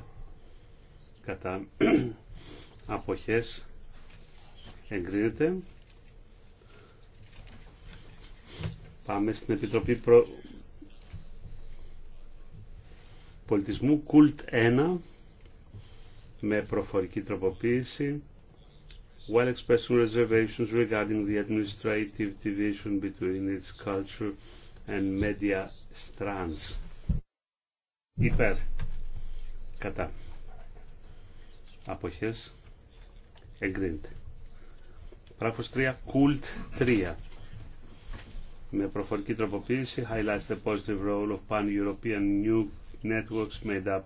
κατά αποχές εγκρίνεται. Πάμε στην Επιτροπή Προ... Πολιτισμού Κουλτ 1 με προφορική τροποποίηση well expressed reservations regarding the administrative division between its culture and media strands. Υπέρ. Κατά. Αποχές. Εγκρίνεται. Πράφος 3. Κουλτ 3. Με προφορική τροποποίηση highlights the positive role of pan-European new networks made up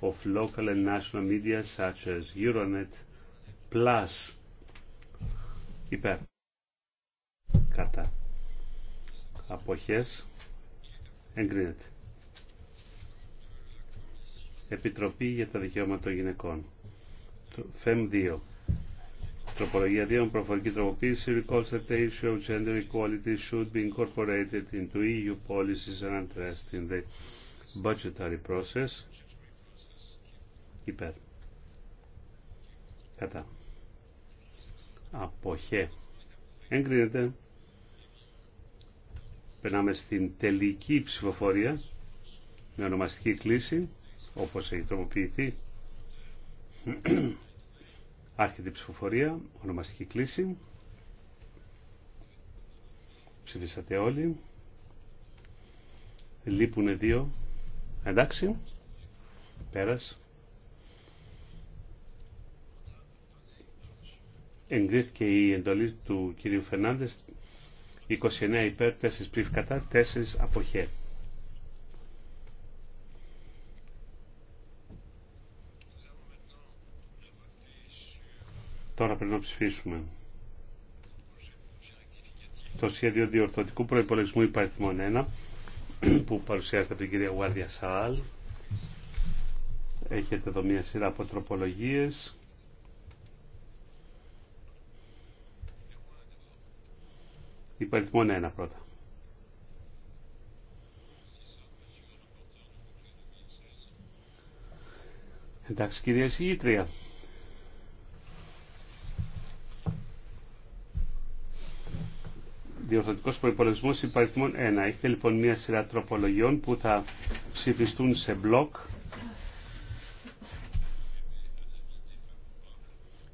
of local and national media such as Euronet, Plus υπέρ κατά αποχές εγκρίνεται Επιτροπή για τα Δικαιώματα των Γυναικών ΦΕΜ 2 Τροπολογία 2 Προφορική Τροποποίηση Recalls that the issue of gender equality should be incorporated into EU policies and addressed in the budgetary process υπέρ κατά αποχέ εγκρίνεται περνάμε στην τελική ψηφοφορία με ονομαστική κλίση όπως έχει τρομοποιηθεί. άρχεται η ψηφοφορία ονομαστική κλίση ψηφίσατε όλοι λείπουνε δύο εντάξει πέρας εγκρίθηκε η εντολή του κυρίου Φερνάντες 29 υπέρ, 4 ψήφι κατά, 4 αποχέ. Τώρα πρέπει να ψηφίσουμε το σχέδιο διορθωτικού προϋπολογισμού υπαριθμών 1 που παρουσιάζεται από την κυρία Γουάρδια Σαάλ. Έχετε εδώ μία σειρά από τροπολογίες. Υπαριθμόν 1 πρώτα. Εντάξει κυρία Σιγητρία. Διορθωτικό προπολογισμό υπαριθμών 1. Έχετε λοιπόν μία σειρά τροπολογιών που θα ψηφιστούν σε μπλοκ.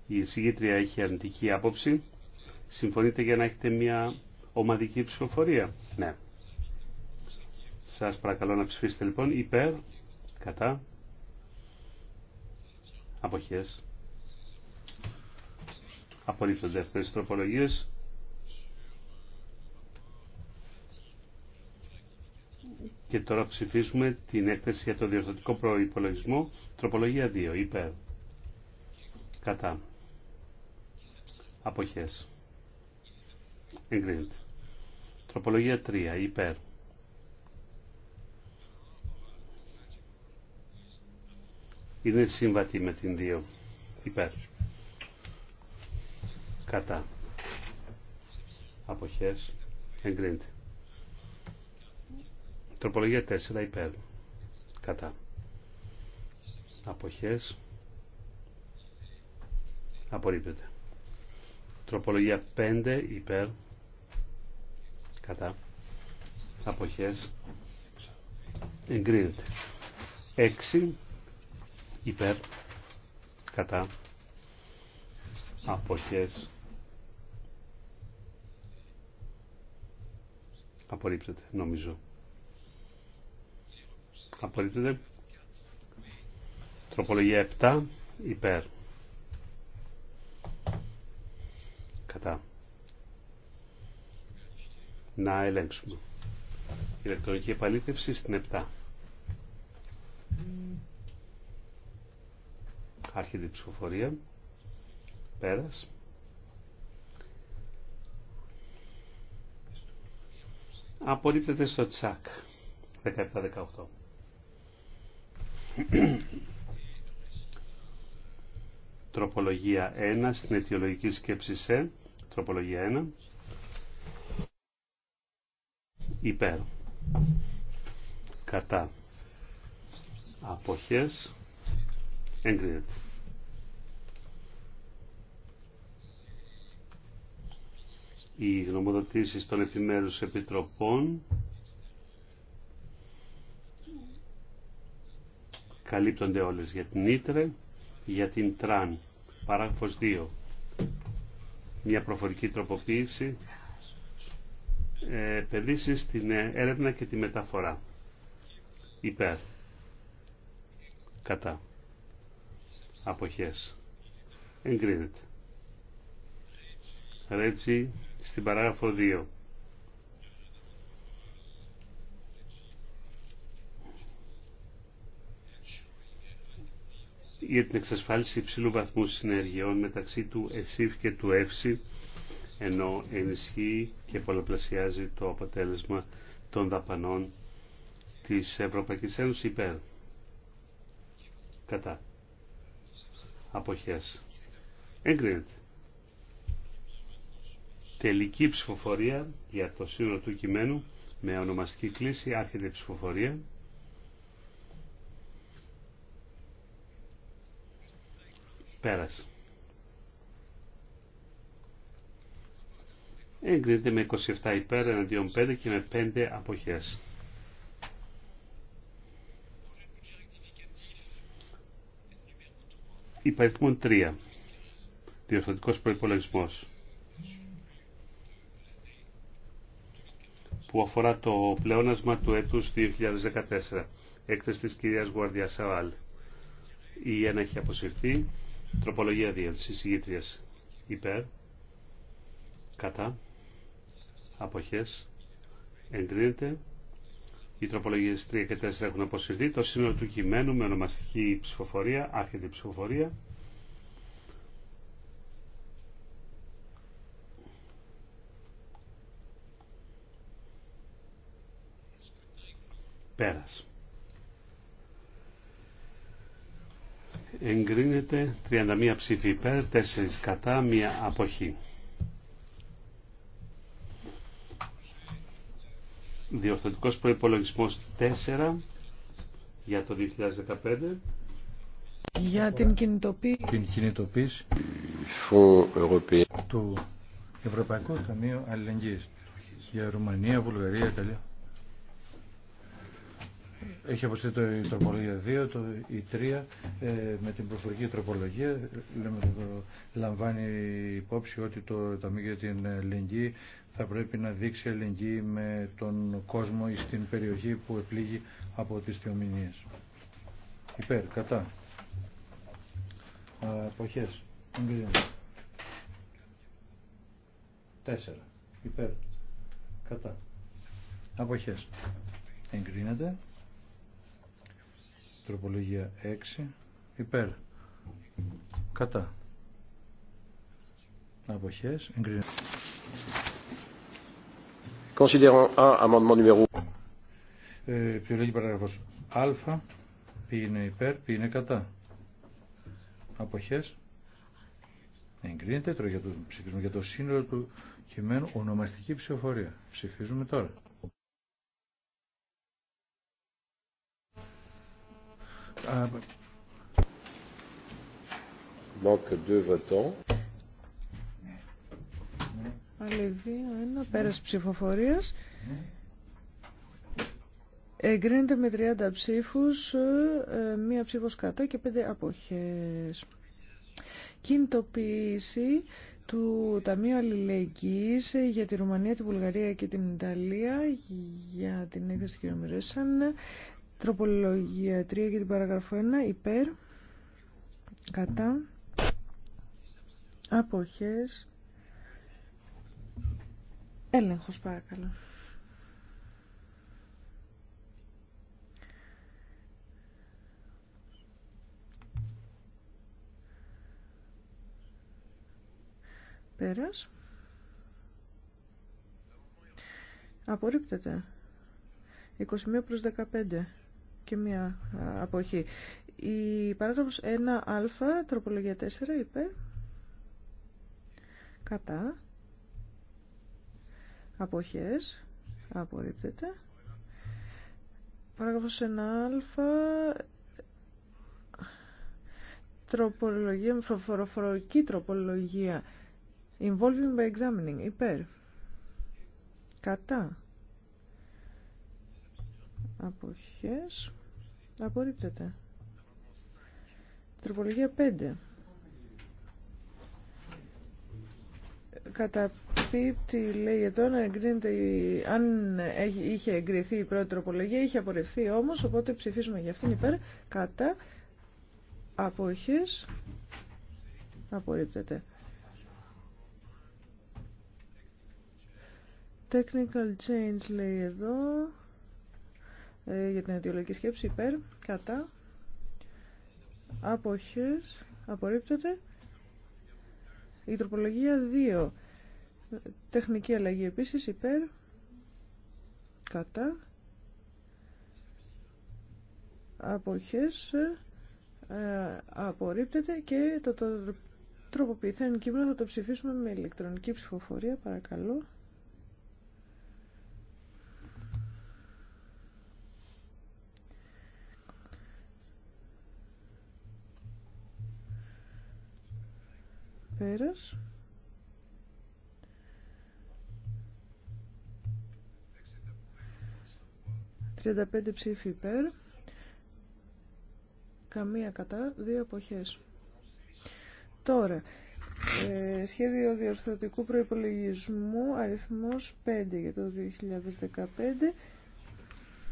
Η εισηγήτρια έχει αρνητική άποψη. Συμφωνείτε για να έχετε μία ομαδική ψηφοφορία. Ναι. Σας παρακαλώ να ψηφίσετε λοιπόν υπέρ, κατά, αποχές. Απορρίπτονται αυτές τις τροπολογίες. Και τώρα ψηφίσουμε την έκθεση για το διορθωτικό προϋπολογισμό, τροπολογία 2, υπέρ, κατά, αποχές. Εγκρίνεται. Τροπολογία 3. Υπέρ. Είναι συμβατή με την 2. Υπέρ. Κατά. Αποχές. Εγκρίνεται. Τροπολογία 4. Υπέρ. Κατά. Αποχές. Απορρίπτεται. Τροπολογία 5. Υπέρ κατά αποχές εγκρίνεται 6 υπέρ κατά αποχές απορρίπτεται νομίζω απορρίπτεται τροπολογία 7 υπέρ κατά να ελέγξουμε. Ηλεκτρονική επαλήθευση στην 7. Άρχεται η ψηφοφορία. Πέρας. Απορρίπτεται στο τσακ. 17-18. Τροπολογία 1 στην αιτιολογική σκέψη σε. Τροπολογία 1 υπέρ κατά αποχές εγκρίνεται. Οι γνωμοδοτήσεις των επιμέρους επιτροπών καλύπτονται όλες για την Ήτρε, για την Τραν, παράγραφος 2. Μια προφορική τροποποίηση επενδύσει στην έρευνα και τη μεταφορά. Υπέρ. Κατά. Αποχές. Εγκρίνεται. Ρέτσι, στην παράγραφο 2. για την εξασφάλιση υψηλού βαθμού συνεργειών μεταξύ του ΕΣΥΦ και του ΕΦΣΥ ενώ ενισχύει και πολλαπλασιάζει το αποτέλεσμα των δαπανών της Ευρωπαϊκής Ένωσης υπέρ. Κατά. Αποχές. Εγκρίνεται. Τελική ψηφοφορία για το σύνολο του κειμένου με ονομαστική κλίση άρχεται η ψηφοφορία. Πέρασε. εγκρίνεται με 27 υπέρ εναντίον 5 και με 5 αποχές. Υπαριθμόν 3. Διορθωτικός προϋπολογισμός. που αφορά το πλεόνασμα του έτους 2014. Έκθεση της κυρίας Γουαρδιά Σαβάλ. Η 1 έχει αποσυρθεί. Τροπολογία 2 της υπέρ. Κατά αποχές εγκρίνεται. Οι τροπολογίε 3 και 4 έχουν αποσυρθεί. Το σύνολο του κειμένου με ονομαστική ψηφοφορία, άρχεται η ψηφοφορία. Πέρας. Εγκρίνεται 31 ψήφοι υπέρ, 4 κατά, 1 αποχή. διορθωτικός προϋπολογισμός 4 για το 2015 για την κινητοποίηση, την κινητοποίηση του Ευρωπαϊκού Ταμείου Αλληλεγγύης για Ρουμανία, Βουλγαρία, Ιταλία. Έχει αποστεί το, η τροπολογία 2, το, η 3, ε, με την προφορική τροπολογία. Λέμε το, λαμβάνει υπόψη ότι το Ταμείο για την Ελληνική θα πρέπει να δείξει ελληνική με τον κόσμο ή στην περιοχή που επλήγει από τις θεομηνίες. Υπέρ, κατά. Αποχές. Τέσσερα. Υπέρ. Κατά. Αποχές. Εγκρίνεται. Τροπολογία 6. Υπέρ. Κατά. Αποχές. Εγκρίνεται. Considérant 1, amendement numéro. Ε, παράγραφος Α. Ποιοι είναι υπέρ, ποιοι είναι κατά. Αποχές. Εγκρίνεται. Τώρα για το, για το σύνολο του κειμένου ονομαστική ψηφοφορία. Ψηφίζουμε τώρα. Manque deux votants. Άλλοι δύο, πέρας ψηφοφορίας. Εγκρίνεται με 30 ψήφους, ε, μία ψήφος κατά και πέντε αποχές. Κινητοποίηση του Ταμείου Αλληλεγγύης για τη Ρουμανία, τη Βουλγαρία και την Ιταλία για την έκθεση κ. Μιρέσαν Τροπολογία 3 για την παραγραφό 1 υπέρ κατά αποχές έλεγχος παρακαλώ. Πέρας. Απορρίπτεται. 21 προς 15 και μία αποχή. Η παράγραφος 1α, τροπολογία 4, είπε. κατα Κατά. Αποχές. Απορρίπτεται. Παράγραφος 1α, τροπολογία, φοροφορική τροπολογία. Involving by examining, υπέρ. Κατά. Αποχές. Απορρίπτεται. Τροπολογία 5. Καταπίπτει, λέει εδώ, να εγκρίνεται, αν είχε εγκριθεί η πρώτη τροπολογία, είχε απορριφθεί όμως, οπότε ψηφίζουμε για αυτήν υπέρ, κατά, απόχες, απορρίπτεται. Technical change λέει εδώ. Ε, για την αιτιολογική σκέψη υπέρ, κατά, αποχές, απορρίπτεται. Η τροπολογία 2, τεχνική αλλαγή επίσης υπέρ, κατά, αποχές, ε, απορρίπτεται και το, το τροποποιηθέν κείμενο θα το ψηφίσουμε με ηλεκτρονική ψηφοφορία, παρακαλώ. 35 ψήφοι υπέρ. Καμία κατά, δύο εποχές. Τώρα, ε, σχέδιο διορθωτικού προϋπολογισμού αριθμός 5 για το 2015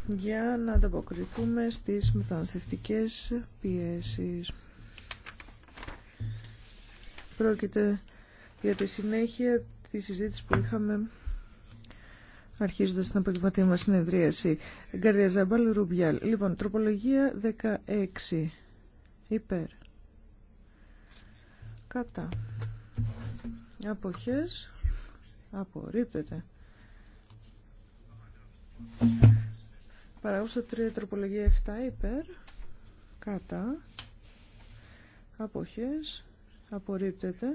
για να ανταποκριθούμε στις μεταναστευτικές πιέσεις. Πρόκειται για τη συνέχεια τη συζήτηση που είχαμε αρχίζοντας την απογευματή μας συνεδρίαση. Γκαρδία Ζαμπάλ Ρουμπιάλ. Λοιπόν, τροπολογία 16. Υπέρ. Κατά. Αποχές. Απορρίπτεται. Παράγουσα 3, τροπολογία 7, υπέρ, κατά, αποχές, απορρίπτεται.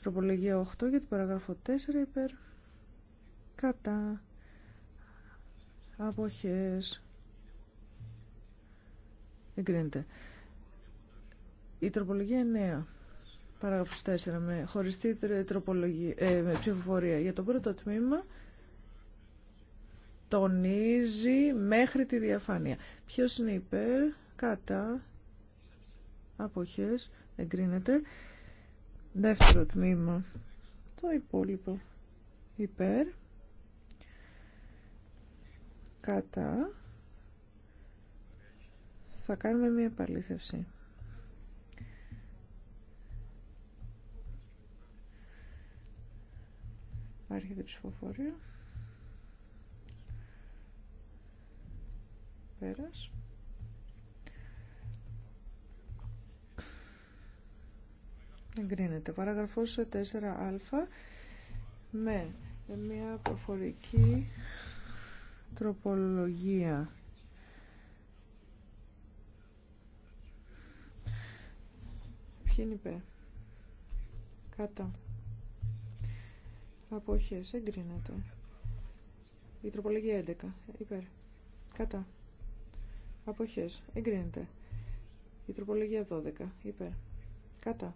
Τροπολογία 8 για την παραγράφο 4 υπέρ κατά αποχές εγκρίνεται. Η τροπολογία 9 παράγραφος 4 με χωριστή τροπολογία, ε, με ψηφοφορία για το πρώτο τμήμα τονίζει μέχρι τη διαφάνεια. Ποιος είναι υπέρ, κατά, αποχές, εγκρίνεται. Δεύτερο τμήμα. Το υπόλοιπο. Υπέρ. Κατά. Θα κάνουμε μία επαλήθευση. Άρχεται η ψηφοφορία. Πέρας. Εγκρίνεται. Παράγραφος 4α με μια προφορική τροπολογία. Ποιοι είναι υπέρ. Κατά. Αποχές. Εγκρίνεται. Η τροπολογία 11. Υπέρ. Κατά. Αποχές. Εγκρίνεται. Η τροπολογία 12. Υπέρ. Κατά.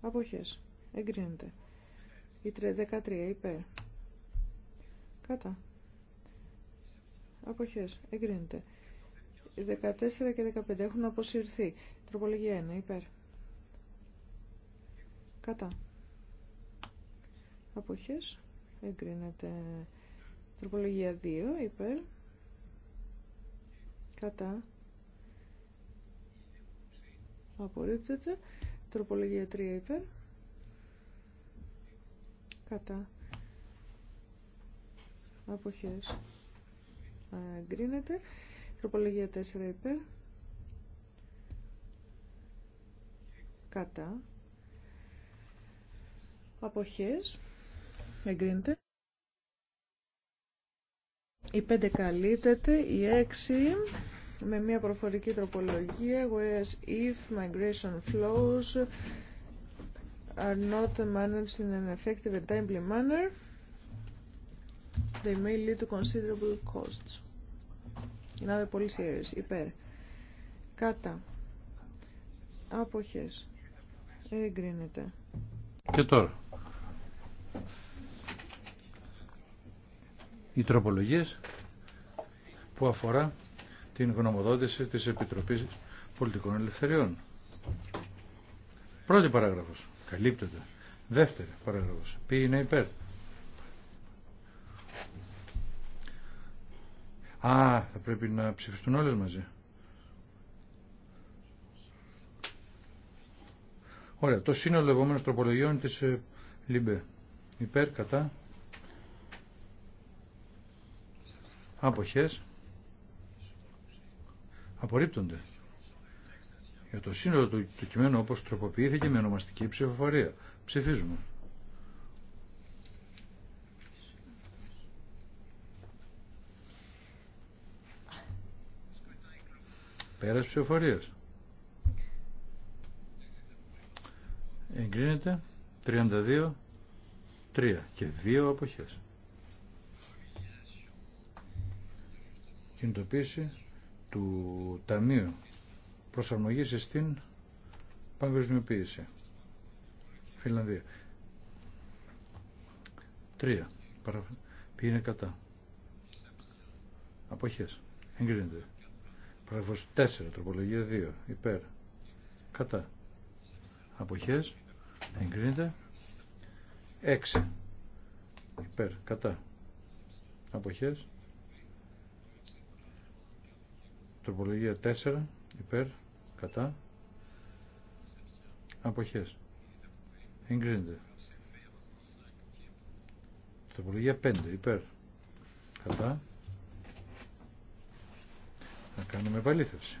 Αποχές. Εγκρίνεται. Η 13 υπέρ. Κατά. Αποχές. Εγκρίνεται. Οι 14 και 15 έχουν αποσυρθεί. Τροπολογία 1 υπέρ. Κατά. Αποχές. Εγκρίνεται. Τροπολογία 2 υπέρ. Κατά. Απορρίπτεται. Τροπολογία 3 υπέρ. Κατά. Αποχές. Εγκρίνεται. Τροπολογία 4 υπέρ. Κατά. Αποχές. Εγκρίνεται. Η 5 καλύπτεται. Η 6 με μια προφορική τροπολογία whereas if migration flows are not managed in an effective and timely manner they may lead to considerable costs. Είναι πολύ serious. Υπέρ. Κάτα. Άποχες. Εγκρίνεται. Και τώρα. Οι τροπολογίες που αφορά την γνωμοδότηση της Επιτροπής Πολιτικών Ελευθεριών. Πρώτη παράγραφος. Καλύπτεται. Δεύτερη παράγραφος. Ποιοι είναι υπέρ. Α, θα πρέπει να ψηφιστούν όλες μαζί. Ωραία, το σύνολο λεγόμενων τροπολογιών της ε, ΛΥΜΠΕ. Υπέρ, κατά. Αποχές απορρίπτονται. Για το σύνολο του, του κειμένου όπως τροποποιήθηκε με ονομαστική ψηφοφορία. Ψηφίζουμε. Πέρας ψηφοφορίας. Εγκρίνεται 32, 3 και 2 αποχές. Κινητοποίηση του Ταμείου προσαρμογής στην παγκοσμιοποίηση. Φιλανδία. Τρία. Παρα... Ποιοι είναι κατά. Αποχές. Εγκρίνεται. Παραγραφός 4. Τροπολογία 2. Υπέρ. Κατά. Αποχές. Εγκρίνεται. 6. Υπέρ. Κατά. Αποχές. Τροπολογία 4 υπέρ κατά αποχές. Εγκρίνεται. Τροπολογία 5 υπέρ κατά να κάνουμε επαλήθευση.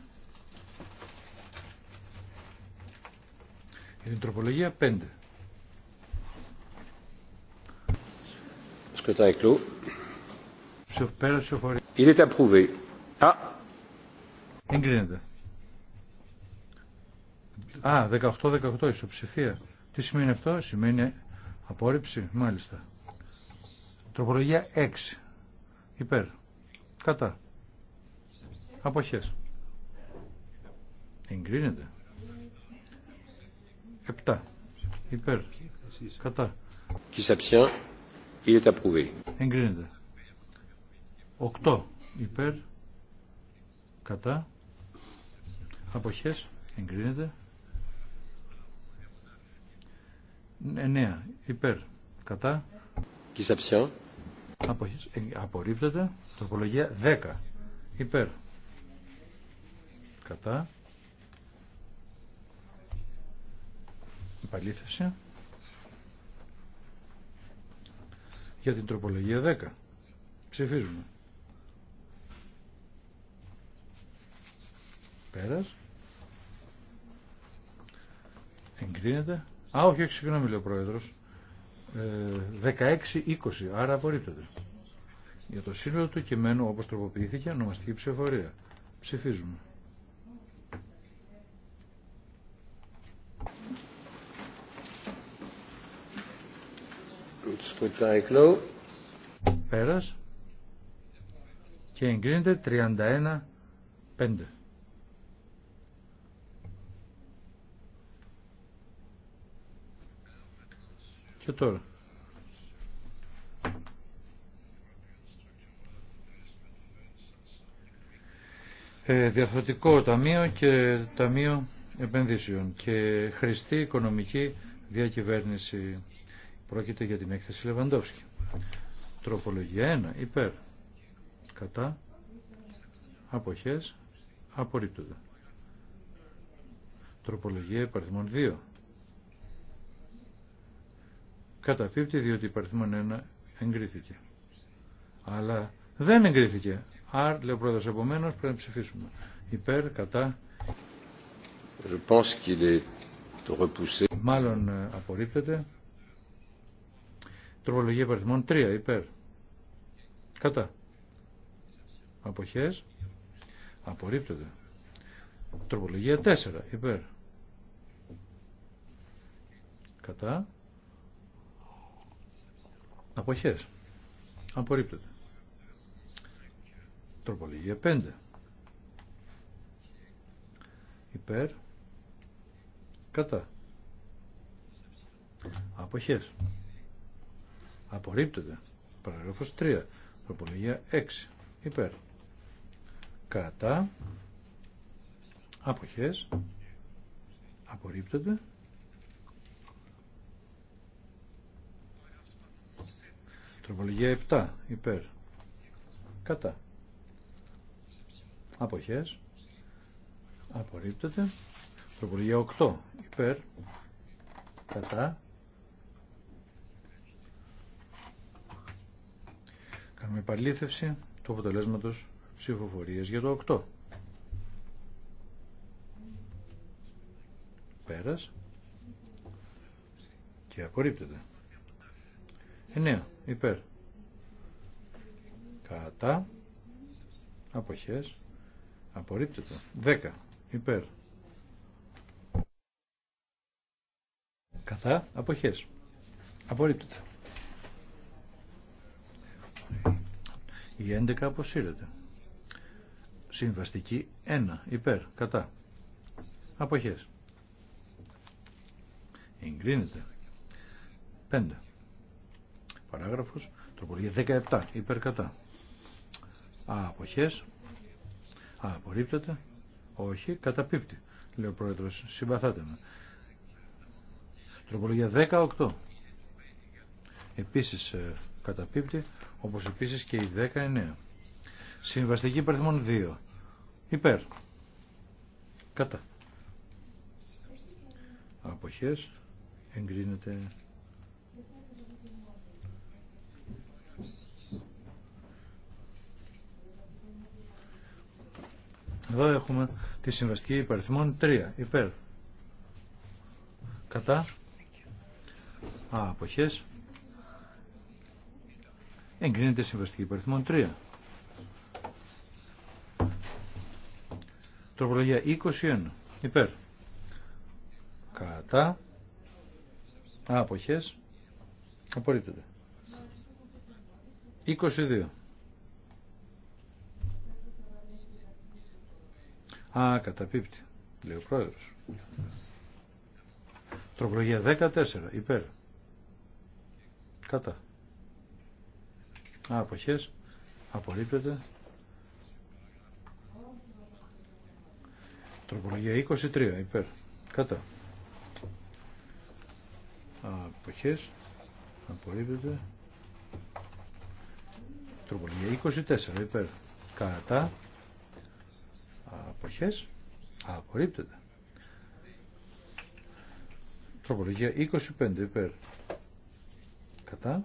Είναι η τροπολογία 5. Σκοτάει Είναι approuvé. Ah Εγκρίνεται. Α, 18-18 ισοψηφία. Τι σημαίνει αυτό, σημαίνει απόρριψη, μάλιστα. Τροπολογία 6. Υπέρ. Κατά. Αποχές. Εγκρίνεται. 7. Υπέρ. Κατά. Qui s'abstient, il est Εγκρίνεται. 8. Υπέρ. Κατά. Αποχές. Εγκρίνεται. 9. Ε, Υπέρ. Κατά. Αποχές. Ε, απορρίπτεται. Τροπολογία 10. Υπέρ. Κατά. Επαλήθευση. Για την τροπολογία 10. Ψηφίζουμε. Πέρας. Εγκρίνεται. Α, όχι, όχι, συγγνώμη, λέει ο Πρόεδρος. Ε, 16-20, άρα απορρίπτεται. Για το σύνολο του κειμένου, όπως τροποποιήθηκε, ονομαστική ψηφοφορία. Ψηφίζουμε. Πέρας και εγκρίνεται 31-5. Και τώρα. Ε, ταμείο και ταμείο επενδύσεων και χρηστή οικονομική διακυβέρνηση. Πρόκειται για την έκθεση Λεβαντόφσκη. Τροπολογία 1. Υπέρ. Κατά. Αποχές. Απορρίπτονται. Τροπολογία υπαριθμών 2 καταπίπτει διότι υπαριθμόν 1 εγκρίθηκε. Αλλά δεν εγκρίθηκε. Άρα, λέει ο πρόεδρος, επομένως πρέπει να ψηφίσουμε. Υπέρ, κατά. Μάλλον ε, απορρίπτεται. Τροπολογία υπαριθμόν 3, υπέρ. Κατά. Αποχές. Απορρίπτεται. Τροπολογία 4, υπέρ. Κατά. Αποχές. Απορρίπτεται. Τροπολογία 5. Υπέρ. Κατά. Αποχές. Απορρίπτεται. Παραγράφος 3. Τροπολογία 6. Υπέρ. Κατά. Αποχές. Απορρίπτεται. Τροπολογία 7 υπέρ. Κατά. Αποχές. Απορρίπτεται. Τροπολογία 8 υπέρ. Κατά. Κάνουμε επαλήθευση του αποτελέσματος ψηφοφορίας για το 8. Πέρας. Και απορρίπτεται. 9 υπέρ κατά αποχές απορρίπτεται 10 υπέρ κατά αποχές απορρίπτεται η 11 αποσύρεται συμβαστική 1 υπέρ κατά αποχές εγκρίνεται 5 παράγραφος, τροπολογία 17, υπέρ κατά. Α, αποχές. Α, απορρίπτεται. Όχι, καταπίπτει. λέει ο πρόεδρος, συμπαθάτε με. Τροπολογία 18. Επίσης ε, καταπίπτει, όπως επίσης και η 19. Συμβαστική υπερθμόν 2. Υπέρ. Κατά. Αποχές. Εγκρίνεται. Εδώ έχουμε τη συμβαστική υπαριθμών 3 υπέρ. Κατά. Α, αποχές. Εγκρίνεται συμβαστική υπαριθμών 3. Τροπολογία 21. Υπέρ. Κατά. Άποχες. Απορρίπτεται. 22. Α, καταπίπτει, λέει ο πρόεδρο. Τροπολογία 14, υπέρ. Κατά. Α, αποχές. Απορρίπτεται. Τροπολογία 23, υπέρ. Κατά. Αποχές. Απορρίπτεται. Τροπολογία 24, υπέρ. Κατά αποχές απορρίπτεται τροπολογία 25 υπέρ κατά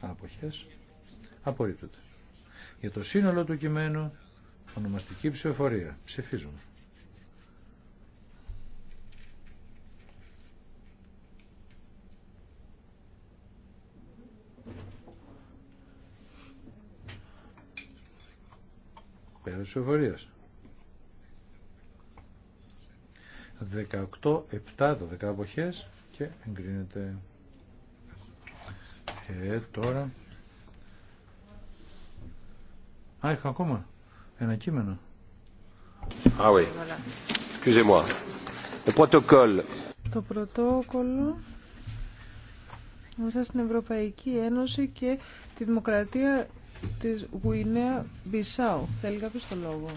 αποχές απορρίπτεται για το σύνολο του κειμένου ονομαστική ψηφοφορία ψηφίζουμε της 18, 7, 12 αποχές και εγκρίνεται. Και τώρα... Α, έχω ακόμα ένα κείμενο. Α, ah oui. moi Το πρωτόκολλο. Το πρωτόκολλο μέσα στην Ευρωπαϊκή Ένωση και τη Δημοκρατία της Γουινέα Μπισάου. Θέλει κάποιος το λόγο.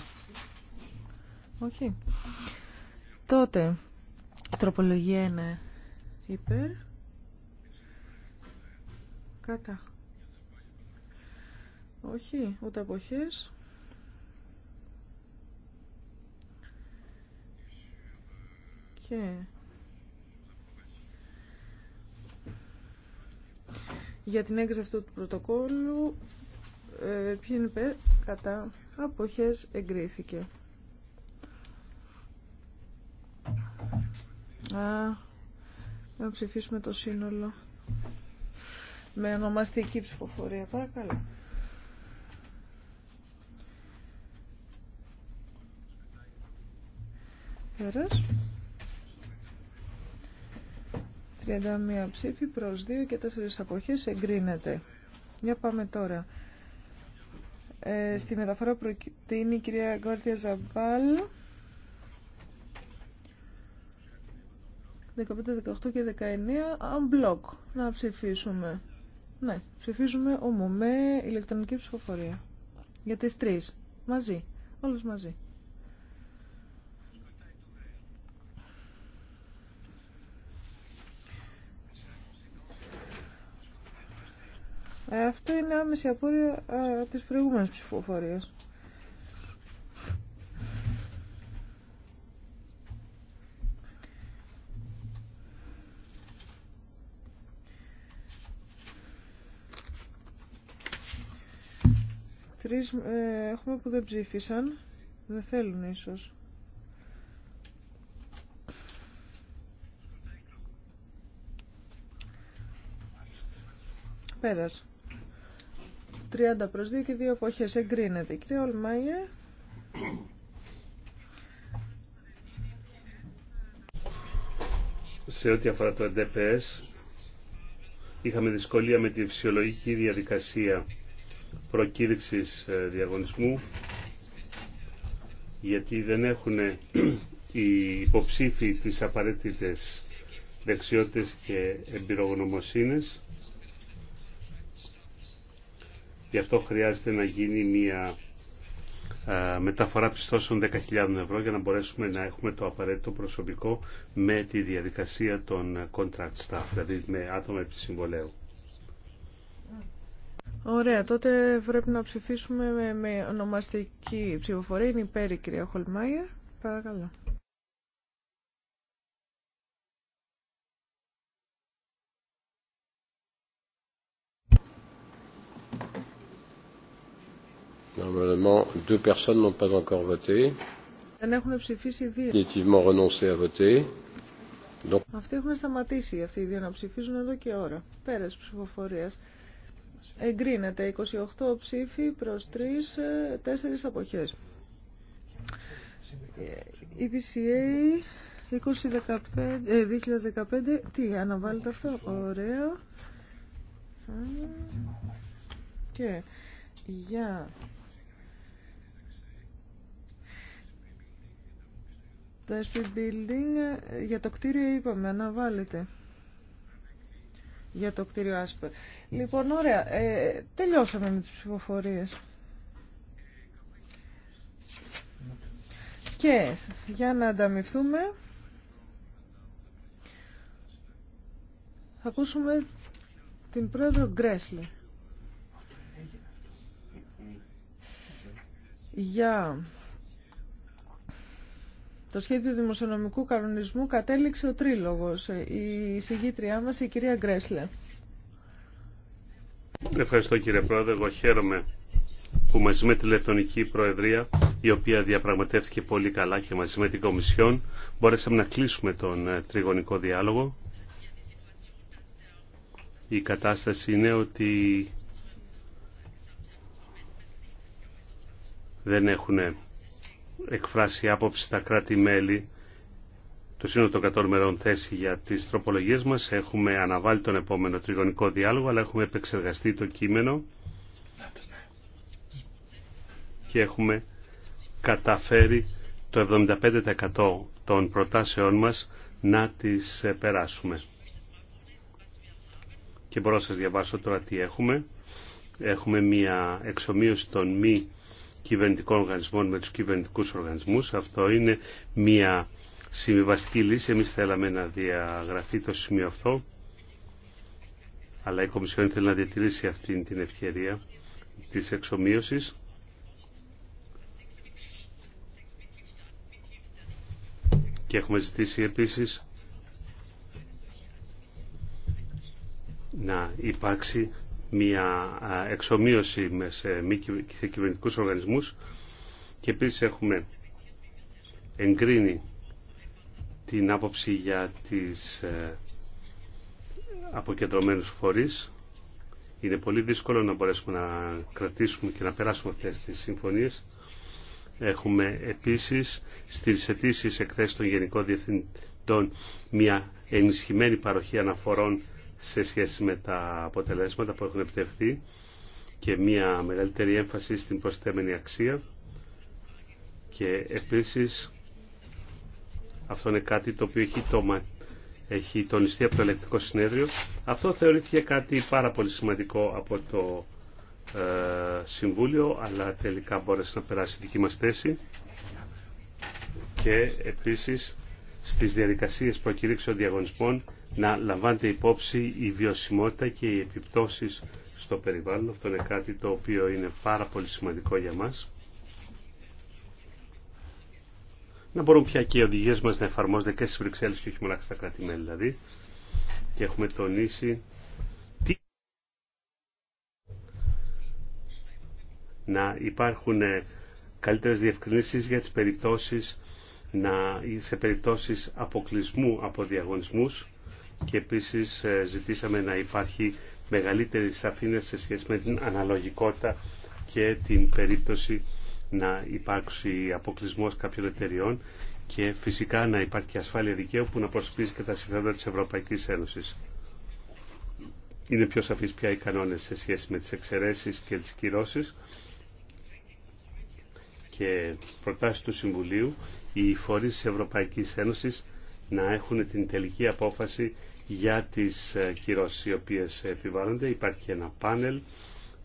Όχι. Τότε, τροπολογία είναι υπέρ. Κάτα. Όχι, ούτε αποχές. Και... Για την έγκριση αυτού του πρωτοκόλλου ε, ποιοι είναι κατά, αποχές, εγκρίθηκε. Α, να ψηφίσουμε το σύνολο με ονομαστική ψηφοφορία. Παρακαλώ. Πέρας. 31 ψήφοι προς 2 και 4 αποχές εγκρίνεται. Για πάμε τώρα. Ε, στη μεταφορά προτείνει η κυρία Γκόρτια Ζαμπάλ. 15, 18 και 19 unblock να ψηφίσουμε. Ναι, ψηφίζουμε όμω. ηλεκτρονική ψηφοφορία. Για τις τρεις. Μαζί. Όλους μαζί. Αυτό είναι άμεση απόρρια της προηγούμενης ψηφοφορίας. Τρεις ε, έχουμε που δεν ψήφισαν. Δεν θέλουν ίσως. Πέρασε. 30 προς 2 και 2 εποχές εγκρίνεται. Η κυρία Σε ό,τι αφορά το DPS, είχαμε δυσκολία με τη φυσιολογική διαδικασία προκήρυξης ε, διαγωνισμού, γιατί δεν έχουν οι υποψήφοι τις απαραίτητες δεξιότητες και εμπειρογνωμοσύνες Γι' αυτό χρειάζεται να γίνει μια μεταφορά πιστώσεων 10.000 ευρώ για να μπορέσουμε να έχουμε το απαραίτητο προσωπικό με τη διαδικασία των contract staff, δηλαδή με άτομα επί συμβολέου. Ωραία, τότε πρέπει να ψηφίσουμε με, ονομαστική ψηφοφορία. Είναι υπέρ η κυρία Χολμάια. Παρακαλώ. Normalement, deux personnes n'ont pas encore voté. Δεν έχουν ψηφίσει δύο. Définitivement renoncé à voter. Donc... Αυτοί έχουν σταματήσει αυτοί οι δύο να ψηφίζουν εδώ και ώρα. Πέρας ψηφοφορία. Εγκρίνεται 28 ψήφοι προς 3, 4 ε, αποχές. Ε, η PCA 2015, 2015, τι, αναβάλλεται αυτό, ωραία. Ε, και για Το SP Building ε, για το κτίριο είπαμε, βάλετε Για το κτίριο Άσπερ. Λοιπόν, ωραία. Ε, τελειώσαμε με τις ψηφοφορίες. Και για να ανταμυφθούμε θα ακούσουμε την πρόεδρο Γκρέσλι Για το σχέδιο δημοσιονομικού κανονισμού κατέληξε ο τρίλογος. Η συγγήτριά μας, η κυρία Γκρέσλε. Ευχαριστώ κύριε Πρόεδρε. Εγώ χαίρομαι που μαζί με τη Λεπτονική Προεδρία, η οποία διαπραγματεύτηκε πολύ καλά και μαζί με την Κομισιόν, μπορέσαμε να κλείσουμε τον ε, τριγωνικό διάλογο. Η κατάσταση είναι ότι δεν έχουν εκφράσει άποψη στα κράτη-μέλη το σύνολο των κατών θέση για τις τροπολογίες μας. Έχουμε αναβάλει τον επόμενο τριγωνικό διάλογο, αλλά έχουμε επεξεργαστεί το κείμενο και έχουμε καταφέρει το 75% των προτάσεών μας να τις ε, περάσουμε. Και μπορώ να σας διαβάσω τώρα τι έχουμε. Έχουμε μια εξομοίωση των μη κυβερνητικών οργανισμών με τους κυβερνητικούς οργανισμούς. Αυτό είναι μια συμβιβαστική λύση. Εμείς θέλαμε να διαγραφεί το σημείο αυτό, αλλά η Κομισιόν θέλει να διατηρήσει αυτή την ευκαιρία της εξομοίωσης. Και έχουμε ζητήσει επίσης να υπάρξει μια εξομοίωση με σε κυβερνητικούς οργανισμούς και επίσης έχουμε εγκρίνει την άποψη για τις ε, αποκεντρωμένους φορείς. Είναι πολύ δύσκολο να μπορέσουμε να κρατήσουμε και να περάσουμε αυτές τις συμφωνίες. Έχουμε επίσης στις αιτήσει εκθέσει των Γενικών Διευθυντών μια ενισχυμένη παροχή αναφορών σε σχέση με τα αποτελέσματα που έχουν επιτευχθεί και μια μεγαλύτερη έμφαση στην προσθέμενη αξία και επίσης αυτό είναι κάτι το οποίο έχει, έχει τονιστεί από το ελεκτικό συνέδριο. Αυτό θεωρήθηκε κάτι πάρα πολύ σημαντικό από το ε, Συμβούλιο, αλλά τελικά μπόρεσε να περάσει δική μας θέση. Και επίσης στις διαδικασίες προκηρύξεων διαγωνισμών να λαμβάνεται υπόψη η βιωσιμότητα και οι επιπτώσεις στο περιβάλλον. Αυτό είναι κάτι το οποίο είναι πάρα πολύ σημαντικό για μας. Να μπορούν πια και οι οδηγίε μα να εφαρμόζονται και στις Βρυξέλλες και όχι μόνο στα κρατη δηλαδή. Και έχουμε τονίσει να υπάρχουν ε, καλύτερες διευκρινήσεις για τις περιπτώσεις να, σε περιπτώσεις αποκλεισμού από διαγωνισμούς και επίσης ε, ζητήσαμε να υπάρχει μεγαλύτερη σαφήνεια σε σχέση με την αναλογικότητα και την περίπτωση να υπάρξει αποκλεισμός κάποιων εταιριών και φυσικά να υπάρχει και ασφάλεια δικαίου που να προσπίσει και τα συμφέροντα της Ευρωπαϊκής Ένωσης. Είναι πιο σαφείς πια οι κανόνες σε σχέση με τις εξαιρέσεις και τις κυρώσεις και προτάσεις του Συμβουλίου οι φορείς της Ευρωπαϊκής Ένωσης να έχουν την τελική απόφαση για τις ε, κυρώσεις οι οποίες επιβάλλονται. Υπάρχει ένα πάνελ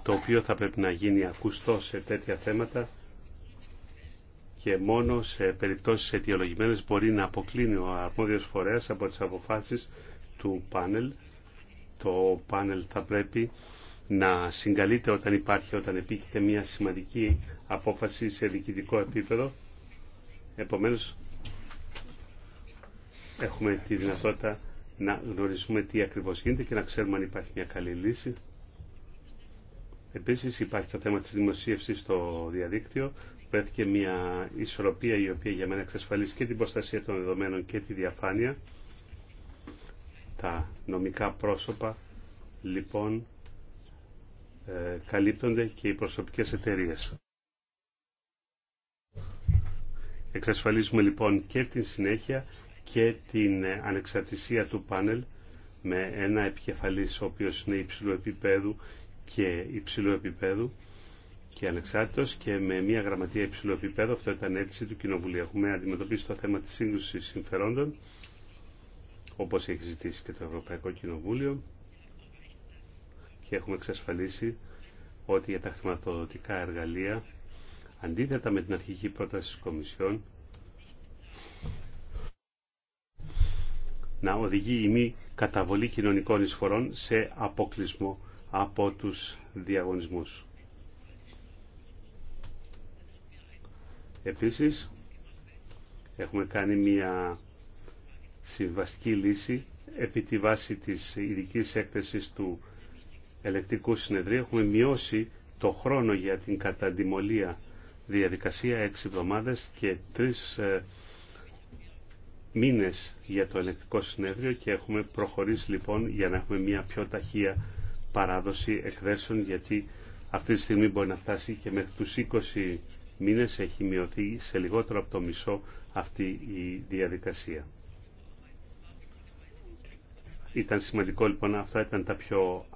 το οποίο θα πρέπει να γίνει ακουστό σε τέτοια θέματα και μόνο σε περιπτώσεις αιτιολογημένες μπορεί να αποκλίνει ο αρμόδιος φορέας από τις αποφάσεις του πάνελ. Το πάνελ θα πρέπει να συγκαλείται όταν υπάρχει, όταν επίκειται μια σημαντική απόφαση σε διοικητικό επίπεδο. Επομένως, έχουμε τη δυνατότητα να γνωρίζουμε τι ακριβώς γίνεται και να ξέρουμε αν υπάρχει μια καλή λύση. Επίσης υπάρχει το θέμα της δημοσίευσης στο διαδίκτυο. Βρέθηκε μια ισορροπία η οποία για μένα εξασφαλίζει και την προστασία των δεδομένων και τη διαφάνεια. Τα νομικά πρόσωπα λοιπόν ε, καλύπτονται και οι προσωπικές εταιρείες. Εξασφαλίζουμε λοιπόν και την συνέχεια και την ε, ανεξαρτησία του πάνελ με ένα επικεφαλής ο οποίος είναι υψηλού επίπεδου και υψηλού επίπεδου και ανεξάρτητος και με μια γραμματεία υψηλού επίπεδου. Αυτό ήταν αίτηση του Κοινοβουλίου. Έχουμε αντιμετωπίσει το θέμα της σύγκρουσης συμφερόντων όπως έχει ζητήσει και το Ευρωπαϊκό Κοινοβούλιο και έχουμε εξασφαλίσει ότι για τα χρηματοδοτικά εργαλεία, αντίθετα με την αρχική πρόταση της Κομισιόν, να οδηγεί η μη καταβολή κοινωνικών εισφορών σε αποκλεισμό από τους διαγωνισμούς. Επίσης, έχουμε κάνει μια συμβαστική λύση επί τη βάση της ειδική έκθεσης του ελεκτικού συνεδρίου έχουμε μειώσει το χρόνο για την καταντιμολία διαδικασία έξι εβδομάδες και τρεις ε, μήνες για το ελεκτικό συνέδριο και έχουμε προχωρήσει λοιπόν για να έχουμε μια πιο ταχεία παράδοση εκδέσεων γιατί αυτή τη στιγμή μπορεί να φτάσει και μέχρι τους 20 μήνες έχει μειωθεί σε λιγότερο από το μισό αυτή η διαδικασία. Ήταν σημαντικό λοιπόν, αυτά ήταν τα πιο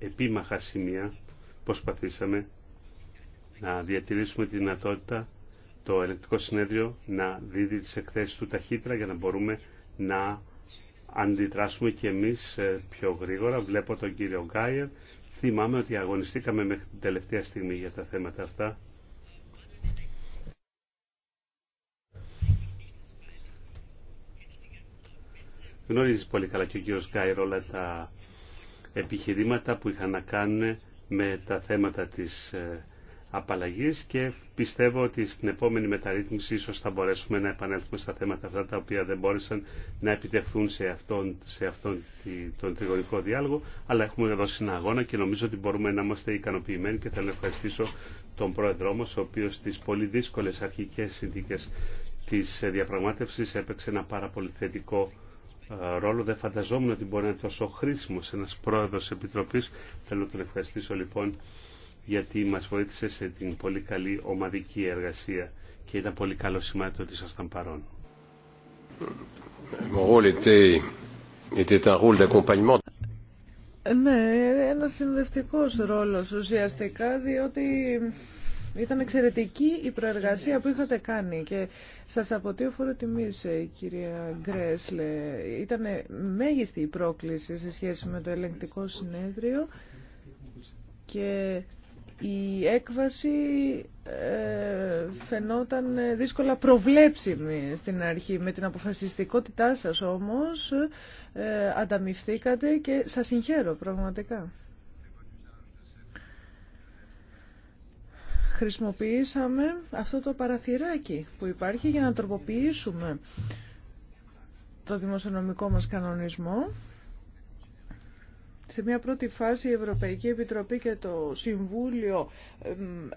επίμαχα σημεία προσπαθήσαμε να διατηρήσουμε τη δυνατότητα το ελεκτικό συνέδριο να δίδει τις εκθέσεις του ταχύτερα για να μπορούμε να αντιδράσουμε και εμείς ε, πιο γρήγορα. Βλέπω τον κύριο Γκάιερ. Θυμάμαι ότι αγωνιστήκαμε μέχρι την τελευταία στιγμή για τα θέματα αυτά. Γνωρίζει πολύ καλά και ο κύριος Γκάιερ όλα τα επιχειρήματα που είχαν να κάνουν με τα θέματα της ε, απαλλαγής και πιστεύω ότι στην επόμενη μεταρρύθμιση ίσως θα μπορέσουμε να επανέλθουμε στα θέματα αυτά τα οποία δεν μπόρεσαν να επιτευχθούν σε αυτόν, σε αυτόν τον τριγωνικό διάλογο αλλά έχουμε δώσει ένα αγώνα και νομίζω ότι μπορούμε να είμαστε ικανοποιημένοι και θέλω να ευχαριστήσω τον πρόεδρό μας ο οποίος στις πολύ δύσκολες αρχικές συνθήκες της ε, διαπραγμάτευσης έπαιξε ένα πάρα πολύ θετικό ε, ρόλο. Δεν φανταζόμουν ότι μπορεί να είναι τόσο σε ένα πρόεδρο επιτροπής. Θέλω να τον ευχαριστήσω λοιπόν γιατί μας βοήθησε σε την πολύ καλή ομαδική εργασία και ήταν πολύ καλό σημάδι ότι ήσασταν παρόν. Ε, ναι, ένα συνδευτικός ρόλος ουσιαστικά, διότι ήταν εξαιρετική η προεργασία που είχατε κάνει και σας αποτείω φορο τιμή, ε, κυρία Γκρέσλε. Ήταν μέγιστη η πρόκληση σε σχέση με το ελεγκτικό συνέδριο και η έκβαση ε, φαινόταν δύσκολα προβλέψιμη στην αρχή. Με την αποφασιστικότητά σας όμως ε, ανταμυφθήκατε και σας συγχαίρω πραγματικά. χρησιμοποιήσαμε αυτό το παραθυράκι που υπάρχει για να τροποποιήσουμε το δημοσιονομικό μας κανονισμό. Σε μια πρώτη φάση η Ευρωπαϊκή Επιτροπή και το Συμβούλιο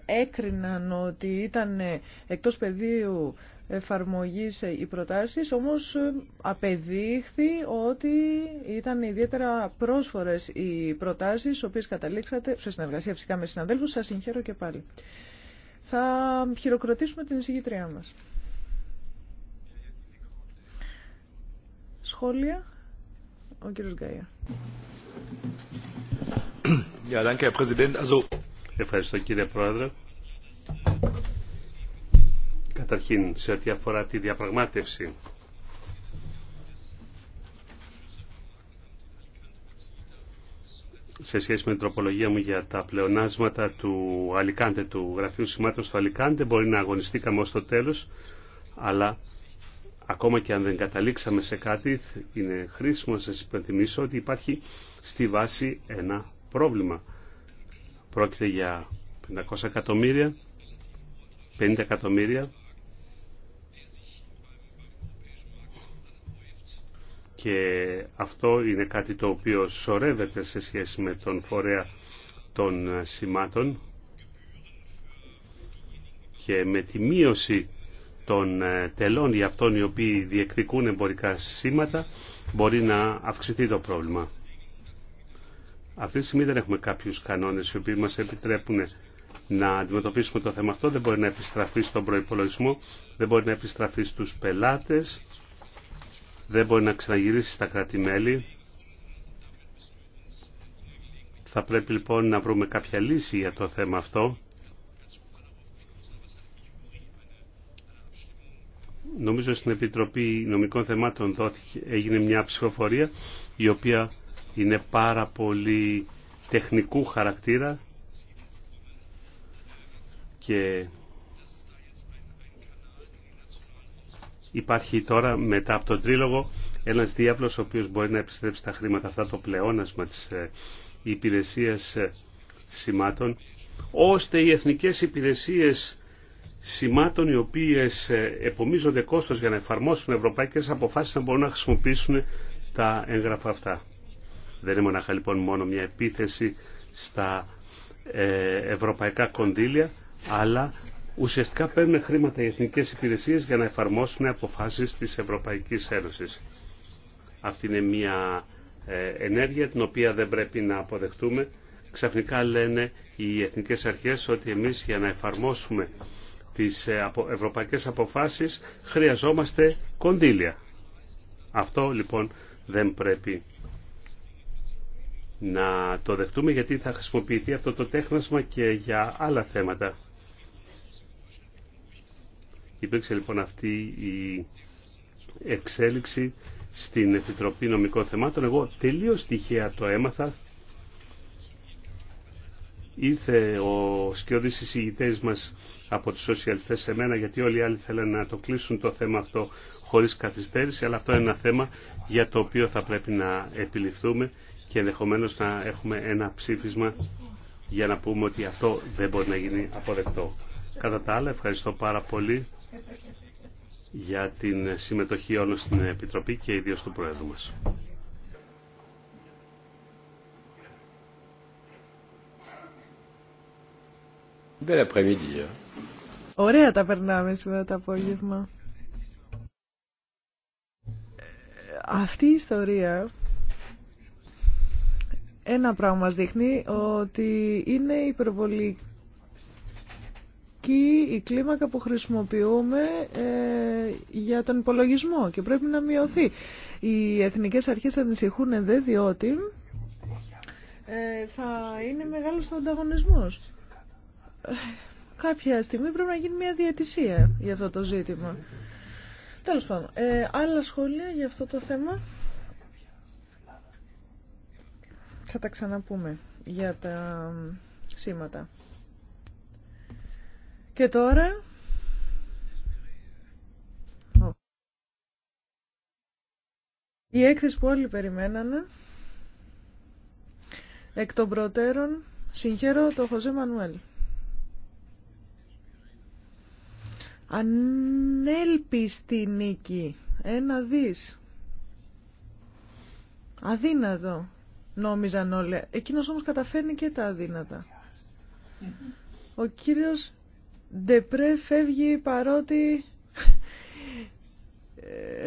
έκριναν ότι ήταν εκτός πεδίου εφαρμογής οι προτάσεις, όμως απεδείχθη ότι ήταν ιδιαίτερα πρόσφορες οι προτάσεις, οι οποίες καταλήξατε σε συνεργασία φυσικά με συναδέλφους. Σας συγχαίρω και πάλι θα χειροκροτήσουμε την εισηγητριά μας. Σχόλια. Ο κύριος Γκάια. Ευχαριστώ κύριε Πρόεδρε. Καταρχήν, σε ό,τι αφορά τη διαπραγμάτευση σε σχέση με την τροπολογία μου για τα πλεονάσματα του Αλικάντε, του Γραφείου Σημάτων στο Αλικάντε. Μπορεί να αγωνιστήκαμε ως το τέλος, αλλά ακόμα και αν δεν καταλήξαμε σε κάτι, είναι χρήσιμο να σας υπενθυμίσω ότι υπάρχει στη βάση ένα πρόβλημα. Πρόκειται για 500 εκατομμύρια, 50 εκατομμύρια και αυτό είναι κάτι το οποίο σωρεύεται σε σχέση με τον φορέα των σημάτων και με τη μείωση των ε, τελών για αυτών οι οποίοι διεκδικούν εμπορικά σήματα μπορεί να αυξηθεί το πρόβλημα. Αυτή τη στιγμή δεν έχουμε κάποιους κανόνες οι οποίοι μας επιτρέπουν να αντιμετωπίσουμε το θέμα αυτό. Δεν μπορεί να επιστραφεί στον προϋπολογισμό, δεν μπορεί να επιστραφεί στους πελάτες δεν μπορεί να ξαναγυρίσει στα κράτη-μέλη. Θα πρέπει λοιπόν να βρούμε κάποια λύση για το θέμα αυτό. Νομίζω στην Επιτροπή Νομικών Θεμάτων δόθηκε, έγινε μια ψηφοφορία η οποία είναι πάρα πολύ τεχνικού χαρακτήρα και υπάρχει τώρα μετά από τον τρίλογο ένας διάβλος ο οποίος μπορεί να επιστρέψει τα χρήματα αυτά το πλεόνασμα της ε, υπηρεσίας ε, σημάτων ώστε οι εθνικές υπηρεσίες σημάτων οι οποίες ε, επομίζονται κόστος για να εφαρμόσουν ευρωπαϊκές αποφάσεις να μπορούν να χρησιμοποιήσουν τα έγγραφα αυτά. Δεν είναι μονάχα λοιπόν μόνο μια επίθεση στα ευρωπαϊκά κονδύλια αλλά ουσιαστικά παίρνουν χρήματα οι εθνικέ υπηρεσίε για να εφαρμόσουν αποφάσει της Ευρωπαϊκή Ένωση. Αυτή είναι μια ε, ενέργεια την οποία δεν πρέπει να αποδεχτούμε. Ξαφνικά λένε οι εθνικές αρχές ότι εμείς για να εφαρμόσουμε τις ε, ευρωπαϊκές αποφάσεις χρειαζόμαστε κονδύλια. Αυτό λοιπόν δεν πρέπει να το δεχτούμε γιατί θα χρησιμοποιηθεί αυτό το τέχνασμα και για άλλα θέματα. Υπήρξε λοιπόν αυτή η εξέλιξη στην Επιτροπή Νομικών Θεμάτων. Εγώ τελείως τυχαία το έμαθα. Ήρθε ο σκιώδης εισηγητές μας από τους σοσιαλιστές σε μένα γιατί όλοι οι άλλοι θέλουν να το κλείσουν το θέμα αυτό χωρίς καθυστέρηση αλλά αυτό είναι ένα θέμα για το οποίο θα πρέπει να επιληφθούμε και ενδεχομένω να έχουμε ένα ψήφισμα για να πούμε ότι αυτό δεν μπορεί να γίνει αποδεκτό. Κατά τα άλλα ευχαριστώ πάρα πολύ για την συμμετοχή όλων στην Επιτροπή και ιδίως του Πρόεδρου μας. Ωραία τα περνάμε σήμερα το απόγευμα. Ε, αυτή η ιστορία ένα πράγμα μας δείχνει ότι είναι υπερβολική εκεί η κλίμακα που χρησιμοποιούμε ε, για τον υπολογισμό και πρέπει να μειωθεί. Οι εθνικές αρχές ανησυχούν δε διότι ε, θα είναι μεγάλος ο ανταγωνισμός. Κάποια στιγμή πρέπει να γίνει μια διατησία για αυτό το ζήτημα. Τέλος πάντων, ε, άλλα σχόλια για αυτό το θέμα. Θα τα ξαναπούμε για τα σήματα. Και τώρα... Η έκθεση που όλοι περιμένανε, εκ των προτέρων, συγχαίρω το Χωζέ Μανουέλ. Ανέλπιστη νίκη, ένα δις. Αδύνατο, νόμιζαν όλοι. Εκείνος όμως καταφέρνει και τα αδύνατα. Ο κύριος Ντεπρέ φεύγει παρότι...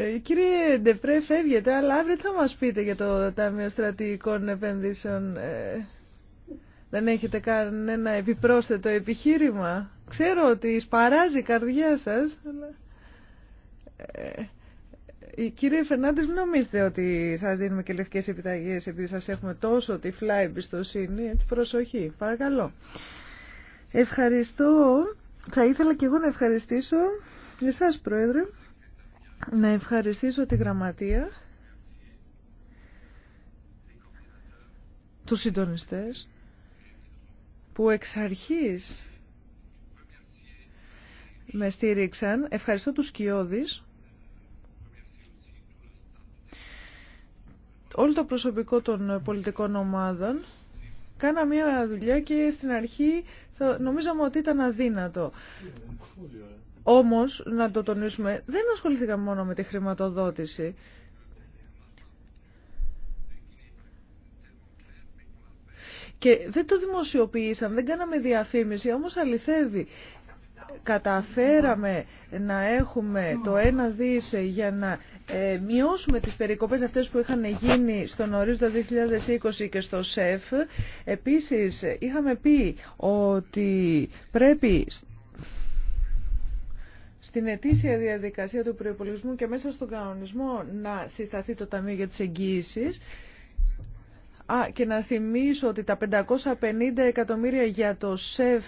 Ε, κύριε Ντεπρέ, φεύγετε, αλλά αύριο θα μας πείτε για το Ταμείο Στρατηγικών Επενδύσεων. Ε, δεν έχετε κανένα επιπρόσθετο επιχείρημα. Ξέρω ότι σπαράζει η καρδιά σας, αλλά... Ε, κύριε Φερνάντες, μην νομίζετε ότι σας δίνουμε και λευκές επιταγές επειδή σας έχουμε τόσο τυφλά εμπιστοσύνη. Έτσι, προσοχή. Παρακαλώ. Ευχαριστώ. Θα ήθελα και εγώ να ευχαριστήσω εσάς, Πρόεδρε, να ευχαριστήσω τη Γραμματεία, τους συντονιστές, που εξ αρχής με στήριξαν. Ευχαριστώ τους Σκιώδης, όλο το προσωπικό των πολιτικών ομάδων, Κάνα μία δουλειά και στην αρχή νομίζαμε ότι ήταν αδύνατο. Όμως, να το τονίσουμε, δεν ασχοληθήκαμε μόνο με τη χρηματοδότηση. Και δεν το δημοσιοποιήσαμε, δεν κάναμε διαφήμιση, όμως αληθεύει καταφέραμε να έχουμε το ένα δις για να ε, μειώσουμε τις περικοπές αυτές που είχαν γίνει στον ορίζοντα 2020 και στο ΣΕΦ. Επίσης είχαμε πει ότι πρέπει στην ετήσια διαδικασία του προϋπολογισμού και μέσα στον κανονισμό να συσταθεί το Ταμείο για τις Εγγύησεις Α, και να θυμίσω ότι τα 550 εκατομμύρια για το ΣΕΦ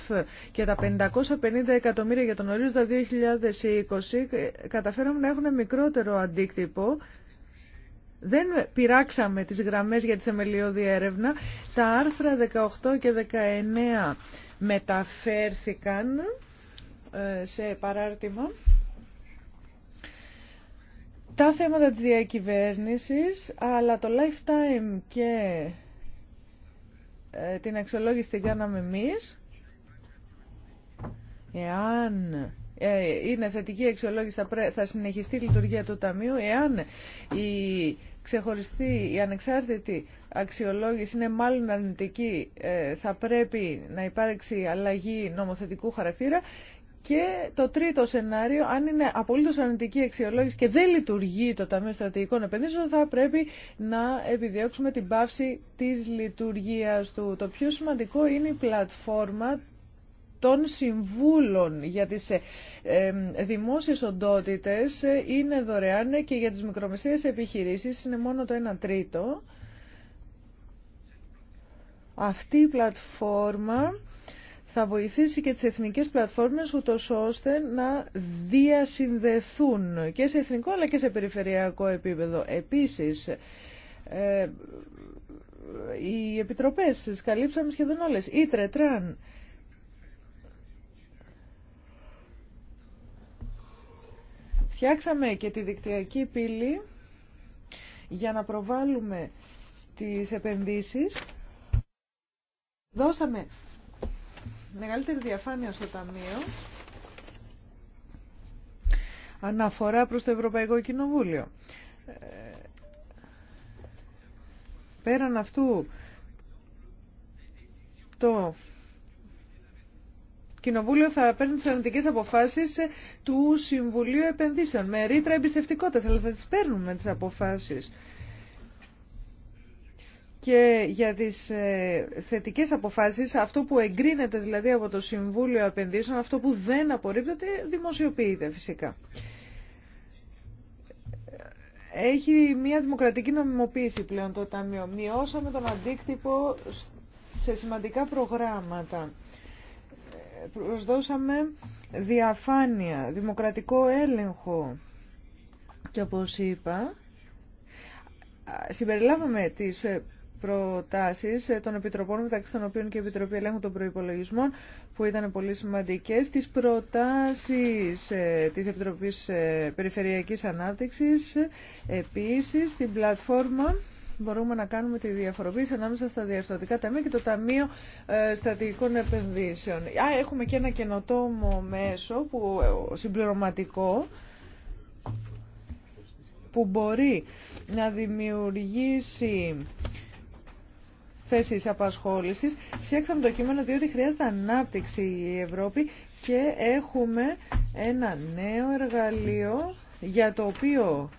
και τα 550 εκατομμύρια για τον ορίζοντα 2020 ε, καταφέραμε να έχουν μικρότερο αντίκτυπο. Δεν πειράξαμε τις γραμμές για τη θεμελιώδη έρευνα. Τα άρθρα 18 και 19 μεταφέρθηκαν ε, σε παράρτημα τα θέματα της διακυβέρνησης, αλλά το lifetime και ε, την αξιολόγηση την κάναμε εμείς. Εάν ε, είναι θετική αξιολόγηση θα συνεχιστεί η λειτουργία του Ταμείου. Εάν η ξεχωριστή, η ανεξάρτητη αξιολόγηση είναι μάλλον αρνητική, ε, θα πρέπει να υπάρξει αλλαγή νομοθετικού χαρακτήρα και το τρίτο σενάριο, αν είναι απολύτω αρνητική αξιολόγηση και δεν λειτουργεί το Ταμείο Στρατηγικών Επενδύσεων, θα πρέπει να επιδιώξουμε την πάυση της λειτουργία του. Το πιο σημαντικό είναι η πλατφόρμα των συμβούλων για τις δημόσιες οντότητες είναι δωρεάν και για τις μικρομεσαίες επιχειρήσεις είναι μόνο το 1 τρίτο. Αυτή η πλατφόρμα θα βοηθήσει και τις εθνικές πλατφόρμες ούτως ώστε να διασυνδεθούν και σε εθνικό αλλά και σε περιφερειακό επίπεδο. Επίσης, ε, οι επιτροπές τις καλύψαμε σχεδόν όλες. Ήτρε, τραν. Φτιάξαμε και τη δικτυακή πύλη για να προβάλλουμε τις επενδύσεις. Δώσαμε μεγαλύτερη διαφάνεια στο Ταμείο αναφορά προς το Ευρωπαϊκό Κοινοβούλιο. Ε, πέραν αυτού, το Κοινοβούλιο θα παίρνει τις αρνητικές αποφάσεις του Συμβουλίου Επενδύσεων με ρήτρα εμπιστευτικότητας, αλλά θα τις παίρνουμε τις αποφάσεις και για τις ε, θετικές αποφάσεις, αυτό που εγκρίνεται δηλαδή από το Συμβούλιο Επενδύσεων, αυτό που δεν απορρίπτεται, δημοσιοποιείται φυσικά. Έχει μια δημοκρατική νομιμοποίηση πλέον το Ταμείο. Μειώσαμε τον αντίκτυπο σε σημαντικά προγράμματα. Προσδώσαμε διαφάνεια, δημοκρατικό έλεγχο και όπως είπα, συμπεριλάβαμε τις προτάσεις των Επιτροπών, μεταξύ των οποίων και η Επιτροπή Ελέγχου των Προϋπολογισμών, που ήταν πολύ σημαντικές, τις προτάσεις ε, της Επιτροπής ε, Περιφερειακής Ανάπτυξης, επίσης στην πλατφόρμα μπορούμε να κάνουμε τη διαφοροποίηση ανάμεσα στα διαρθρωτικά ταμεία και το Ταμείο ε, Στατικών Επενδύσεων. έχουμε και ένα καινοτόμο μέσο που, συμπληρωματικό που μπορεί να δημιουργήσει θέσεις απασχόλησης. Φτιάξαμε το κείμενο διότι χρειάζεται ανάπτυξη η Ευρώπη και έχουμε ένα νέο εργαλείο για το οποίο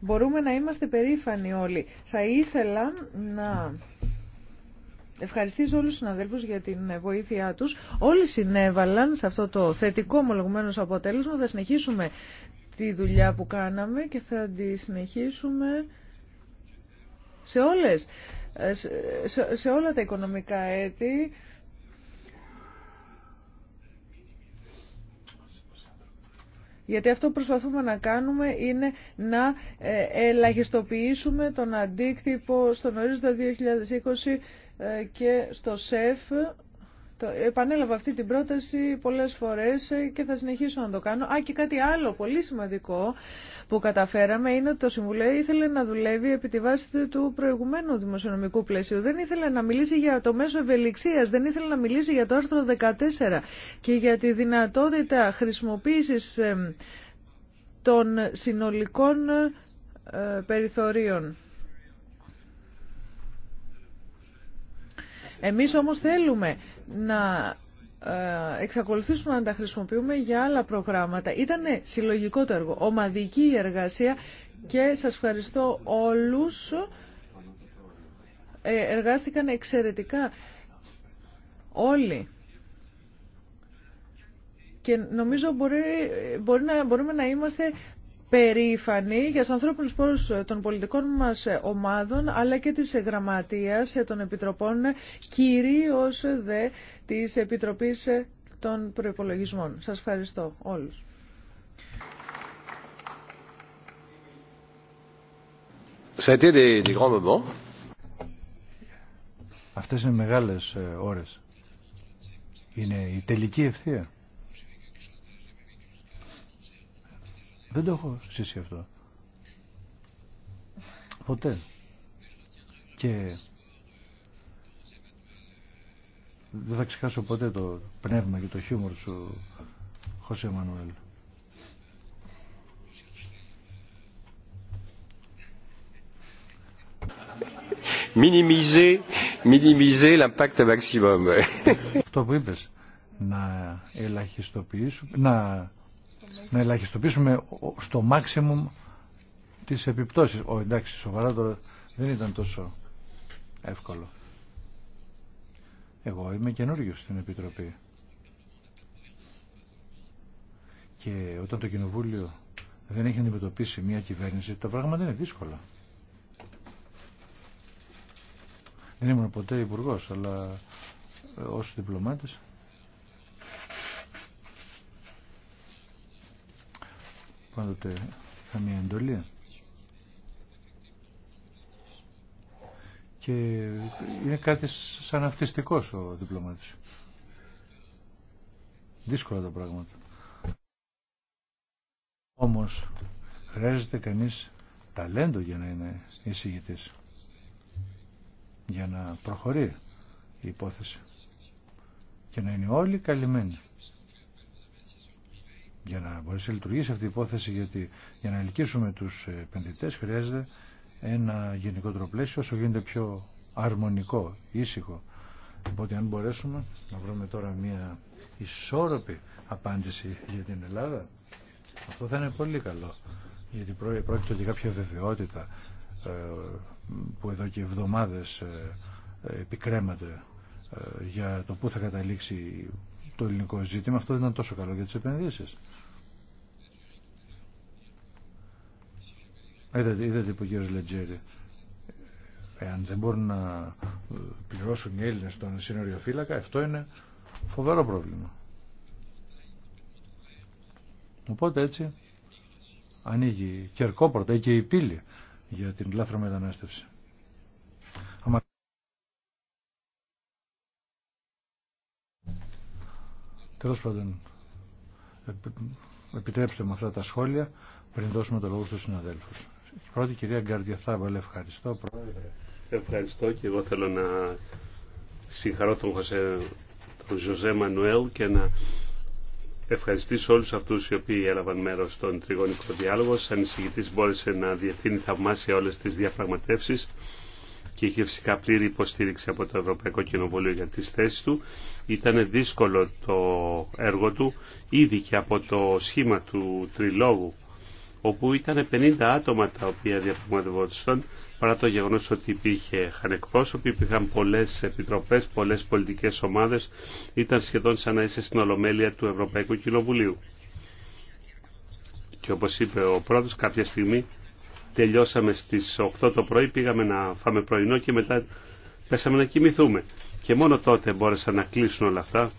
μπορούμε να είμαστε περήφανοι όλοι. Θα ήθελα να ευχαριστήσω όλους τους συναδέλφους για την βοήθειά τους. Όλοι συνέβαλαν σε αυτό το θετικό ομολογουμένο αποτέλεσμα. Θα συνεχίσουμε τη δουλειά που κάναμε και θα τη συνεχίσουμε σε όλες, ε, σε, όλα τα οικονομικά έτη. Γιατί αυτό που προσπαθούμε να κάνουμε είναι να ε, ελαχιστοποιήσουμε τον αντίκτυπο στον ορίζοντα 2020 ε, και στο ΣΕΦ επανέλαβα αυτή την πρόταση πολλές φορές και θα συνεχίσω να το κάνω. Α, και κάτι άλλο πολύ σημαντικό που καταφέραμε είναι ότι το Συμβουλίο ήθελε να δουλεύει επί τη βάση του προηγουμένου δημοσιονομικού πλαισίου. Δεν ήθελε να μιλήσει για το μέσο ευελιξία, δεν ήθελε να μιλήσει για το άρθρο 14 και για τη δυνατότητα χρησιμοποίησης ε, των συνολικών ε, περιθωρίων. Εμείς όμως θέλουμε να ε, εξακολουθήσουμε να τα χρησιμοποιούμε για άλλα προγράμματα. Ήταν συλλογικό το έργο, ομαδική εργασία και σας ευχαριστώ όλους. Ε, εργάστηκαν εξαιρετικά όλοι. Και νομίζω μπορεί, να, μπορούμε να είμαστε περήφανοι για τους ανθρώπινους πόρους των πολιτικών μας ομάδων αλλά και της γραμματείας των Επιτροπών, κυρίως δε της Επιτροπής των Προϋπολογισμών. Σας ευχαριστώ όλους. Ça Αυτές είναι μεγάλες ε, ώρες. Είναι η τελική ευθεία. Δεν το έχω ζήσει αυτό. Ποτέ. Και δεν θα ξεχάσω ποτέ το πνεύμα και το χιούμορ σου, Χωσέ Μανουέλ. Minimiser, minimiser l'impact Αυτό που είπες, να ελαχιστοποιήσουμε, να να ελαχιστοποιήσουμε στο maximum τις επιπτώσεις. Ο, εντάξει, σοβαρά τώρα δεν ήταν τόσο εύκολο. Εγώ είμαι καινούριο στην Επιτροπή. Και όταν το Κοινοβούλιο δεν έχει αντιμετωπίσει μια κυβέρνηση, τα πράγματα είναι δύσκολα. Δεν ήμουν ποτέ υπουργό, αλλά ε, ως διπλωμάτης πάντοτε καμία εντολή. Και είναι κάτι σαν αυτιστικός ο διπλωμάτης. Δύσκολα τα πράγματα. Όμως χρειάζεται κανείς ταλέντο για να είναι εισηγητής. Για να προχωρεί η υπόθεση. Και να είναι όλοι καλυμμένοι για να μπορέσει να λειτουργήσει αυτή η υπόθεση γιατί για να ελκύσουμε τους επενδυτέ χρειάζεται ένα γενικό πλαίσιο όσο γίνεται πιο αρμονικό, ήσυχο. Οπότε αν μπορέσουμε να βρούμε τώρα μια ισόρροπη απάντηση για την Ελλάδα αυτό θα είναι πολύ καλό γιατί πρόκειται για κάποια βεβαιότητα ε, που εδώ και εβδομάδες ε, επικρέμαται ε, για το πού θα καταλήξει το ελληνικό ζήτημα, αυτό δεν ήταν τόσο καλό για τις επενδύσεις. Είδατε, είδατε που ο κύριος Λετζέρη, εάν δεν μπορούν να ε, πληρώσουν οι Έλληνες τον σύνοριο φύλακα, αυτό είναι φοβερό πρόβλημα. Οπότε έτσι ανοίγει κερκόπορτα και η πύλη για την λάθρο μετανάστευση. Τέλο πάντων, επιτρέψτε μου αυτά τα σχόλια πριν δώσουμε το λόγο στους συναδέλφους. Πρώτη κυρία Γκάρδια Θάβαλ, ευχαριστώ Ευχαριστώ και εγώ θέλω να συγχαρώ τον, Χωσέ, τον Ζωζέ Μανουέλ και να ευχαριστήσω όλους αυτούς οι οποίοι έλαβαν μέρος στον τριγωνικό διάλογο. Σαν εισηγητής μπόρεσε να διευθύνει θαυμάσια όλες τις διαπραγματεύσει και είχε φυσικά πλήρη υποστήριξη από το Ευρωπαϊκό Κοινοβούλιο για τις θέσεις του. Ήταν δύσκολο το έργο του, ήδη και από το σχήμα του Τριλόγου, όπου ήταν 50 άτομα τα οποία διαπραγματευόντουσαν, παρά το γεγονός ότι υπήρχε χανεκπρόσωπη, υπήρχαν πολλές επιτροπές, πολλές πολιτικές ομάδες, ήταν σχεδόν σαν να είσαι στην Ολομέλεια του Ευρωπαϊκού Κοινοβουλίου. Και όπως είπε ο πρώτος, κάποια στιγμή τελειώσαμε στις 8 το πρωί, πήγαμε να φάμε πρωινό και μετά πέσαμε να κοιμηθούμε. Και μόνο τότε μπόρεσαν να κλείσουν όλα αυτά.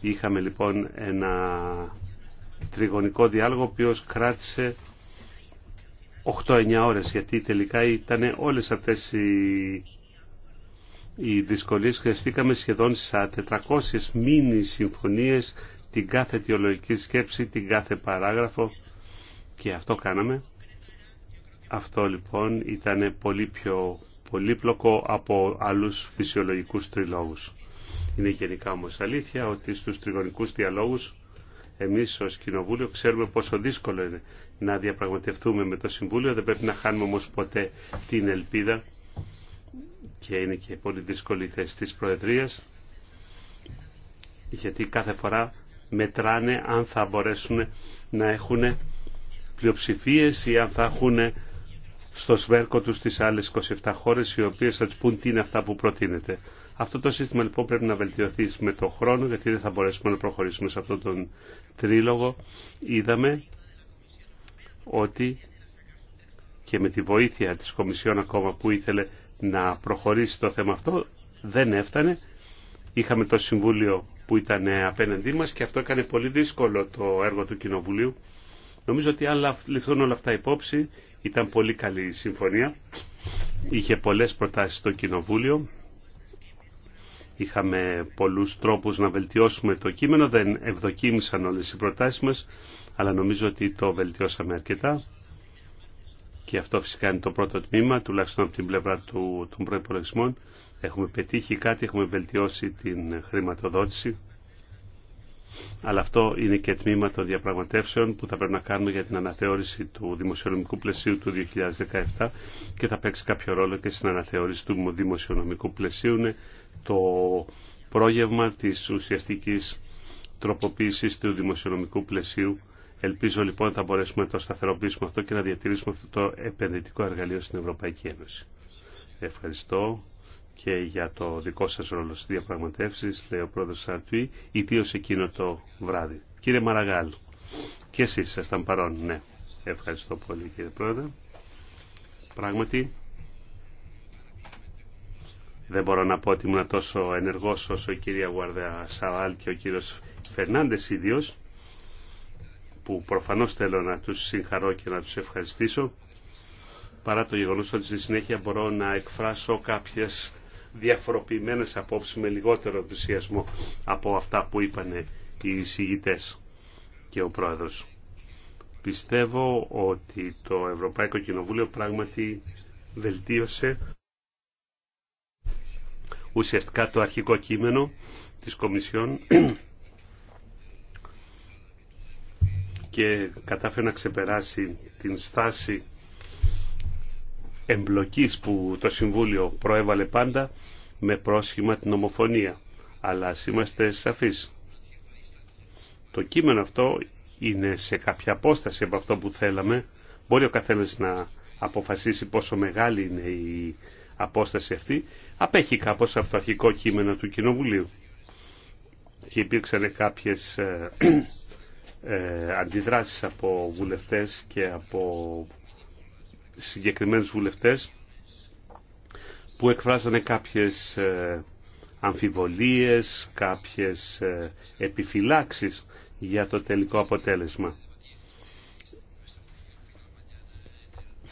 Είχαμε λοιπόν ένα τριγωνικό διάλογο, ο οποίος κράτησε 8-9 ώρες, γιατί τελικά ήταν όλες αυτές οι, οι δυσκολίες. Χρειαστήκαμε σχεδόν σαν 400 μήνυ συμφωνίες, την κάθε αιτιολογική σκέψη, την κάθε παράγραφο και αυτό κάναμε αυτό λοιπόν ήταν πολύ πιο πολύπλοκο από άλλους φυσιολογικούς τριλόγους. Είναι γενικά όμως αλήθεια ότι στους τριγωνικούς διαλόγους εμείς ως Κοινοβούλιο ξέρουμε πόσο δύσκολο είναι να διαπραγματευτούμε με το Συμβούλιο, δεν πρέπει να χάνουμε όμως ποτέ την ελπίδα και είναι και πολύ δύσκολη θέση της Προεδρίας γιατί κάθε φορά μετράνε αν θα μπορέσουν να έχουν πλειοψηφίες ή αν θα έχουν στο σβέρκο τους τις άλλες 27 χώρες οι οποίες θα τους πούν τι είναι αυτά που προτείνεται. Αυτό το σύστημα λοιπόν πρέπει να βελτιωθεί με το χρόνο γιατί δεν θα μπορέσουμε να προχωρήσουμε σε αυτόν τον τρίλογο. Είδαμε ότι και με τη βοήθεια της Κομισιόν ακόμα που ήθελε να προχωρήσει το θέμα αυτό δεν έφτανε. Είχαμε το Συμβούλιο που ήταν απέναντί μας και αυτό έκανε πολύ δύσκολο το έργο του Κοινοβουλίου Νομίζω ότι αν ληφθούν όλα αυτά υπόψη, ήταν πολύ καλή η συμφωνία. Είχε πολλές προτάσεις στο Κοινοβούλιο. Είχαμε πολλούς τρόπους να βελτιώσουμε το κείμενο. Δεν ευδοκίμησαν όλες οι προτάσεις μας, αλλά νομίζω ότι το βελτιώσαμε αρκετά. Και αυτό φυσικά είναι το πρώτο τμήμα, τουλάχιστον από την πλευρά του, των προπολογισμών. Έχουμε πετύχει κάτι, έχουμε βελτιώσει την χρηματοδότηση. Αλλά αυτό είναι και τμήμα των διαπραγματεύσεων που θα πρέπει να κάνουμε για την αναθεώρηση του δημοσιονομικού πλαισίου του 2017 και θα παίξει κάποιο ρόλο και στην αναθεώρηση του δημοσιονομικού πλαισίου. Είναι το πρόγευμα της ουσιαστικής τροποποίησης του δημοσιονομικού πλαισίου. Ελπίζω λοιπόν θα μπορέσουμε να το σταθεροποιήσουμε αυτό και να διατηρήσουμε αυτό το επενδυτικό εργαλείο στην Ευρωπαϊκή Ένωση. Ευχαριστώ και για το δικό σας ρόλο στις διαπραγματεύσεις, λέει ο πρόεδρος Σαρτουή, ιδίως εκείνο το βράδυ. Κύριε Μαραγάλ, και εσείς ήσασταν παρόν, ναι. Ευχαριστώ πολύ κύριε πρόεδρε. Πράγματι, δεν μπορώ να πω ότι ήμουν τόσο ενεργός όσο η κυρία Γουαρδέα Σαβάλ και ο κύριος Φερνάντες ίδιος, που προφανώς θέλω να τους συγχαρώ και να τους ευχαριστήσω, παρά το γεγονός ότι στη συνέχεια μπορώ να εκφράσω κάποιες διαφοροποιημένες απόψεις με λιγότερο ενθουσιασμό από αυτά που είπαν οι εισηγητές και ο Πρόεδρος. Πιστεύω ότι το Ευρωπαϊκό Κοινοβούλιο πράγματι βελτίωσε ουσιαστικά το αρχικό κείμενο της Κομισιόν και κατάφερε να ξεπεράσει την στάση εμπλοκής που το Συμβούλιο προέβαλε πάντα με πρόσχημα την ομοφωνία. Αλλά ας είμαστε σαφείς. Το κείμενο αυτό είναι σε κάποια απόσταση από αυτό που θέλαμε. Μπορεί ο καθένας να αποφασίσει πόσο μεγάλη είναι η απόσταση αυτή. Απέχει κάπως από το αρχικό κείμενο του Κοινοβουλίου. Και υπήρξαν κάποιες ε, ε αντιδράσεις από βουλευτές και από συγκεκριμένους βουλευτές που εκφράζανε κάποιες ε, αμφιβολίες, κάποιες ε, επιφυλάξεις για το τελικό αποτέλεσμα.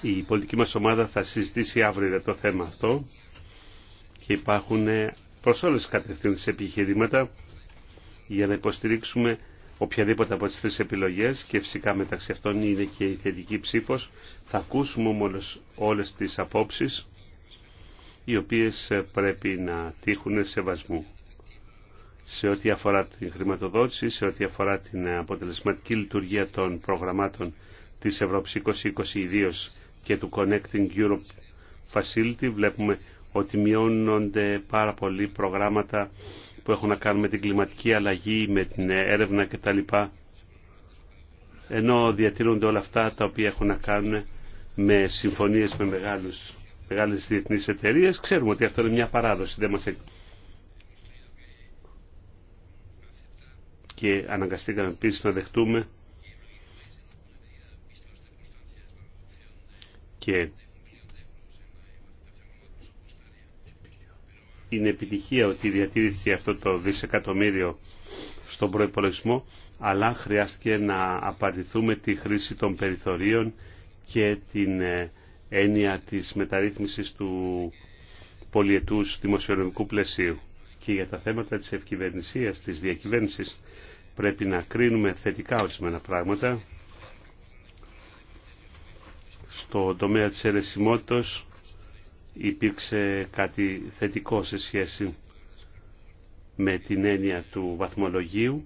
Η πολιτική μας ομάδα θα συζητήσει αύριο το θέμα αυτό και υπάρχουν ε, προς όλες τις κατευθύνσεις επιχειρήματα για να υποστηρίξουμε οποιαδήποτε από τις τρεις επιλογές και φυσικά μεταξύ αυτών είναι και η θετική ψήφος. Θα ακούσουμε όμως όλες τις απόψεις οι οποίες ε, πρέπει να τύχουν σεβασμού σε ό,τι αφορά την χρηματοδότηση, σε ό,τι αφορά την ε, αποτελεσματική λειτουργία των προγραμμάτων της Ευρώπης 2022 και του Connecting Europe Facility. Βλέπουμε ότι μειώνονται πάρα πολλοί προγράμματα που έχουν να κάνουν με την κλιματική αλλαγή, με την έρευνα κτλ. Ενώ διατηρούνται όλα αυτά τα οποία έχουν να κάνουν με συμφωνίες με μεγάλους, μεγάλες διεθνείς εταιρείες, ξέρουμε ότι αυτό είναι μια παράδοση. Δεν Και αναγκαστήκαμε επίση να δεχτούμε και είναι επιτυχία ότι διατηρήθηκε αυτό το δισεκατομμύριο στον προϋπολογισμό, αλλά χρειάστηκε να απαρτηθούμε τη χρήση των περιθωρίων και την ε, έννοια της μεταρρύθμισης του πολιετούς δημοσιονομικού πλαισίου. Και για τα θέματα της ευκυβερνησίας, της διακυβέρνησης, πρέπει να κρίνουμε θετικά ορισμένα πράγματα. Στο τομέα της αιρεσιμότητας, υπήρξε κάτι θετικό σε σχέση με την έννοια του βαθμολογίου.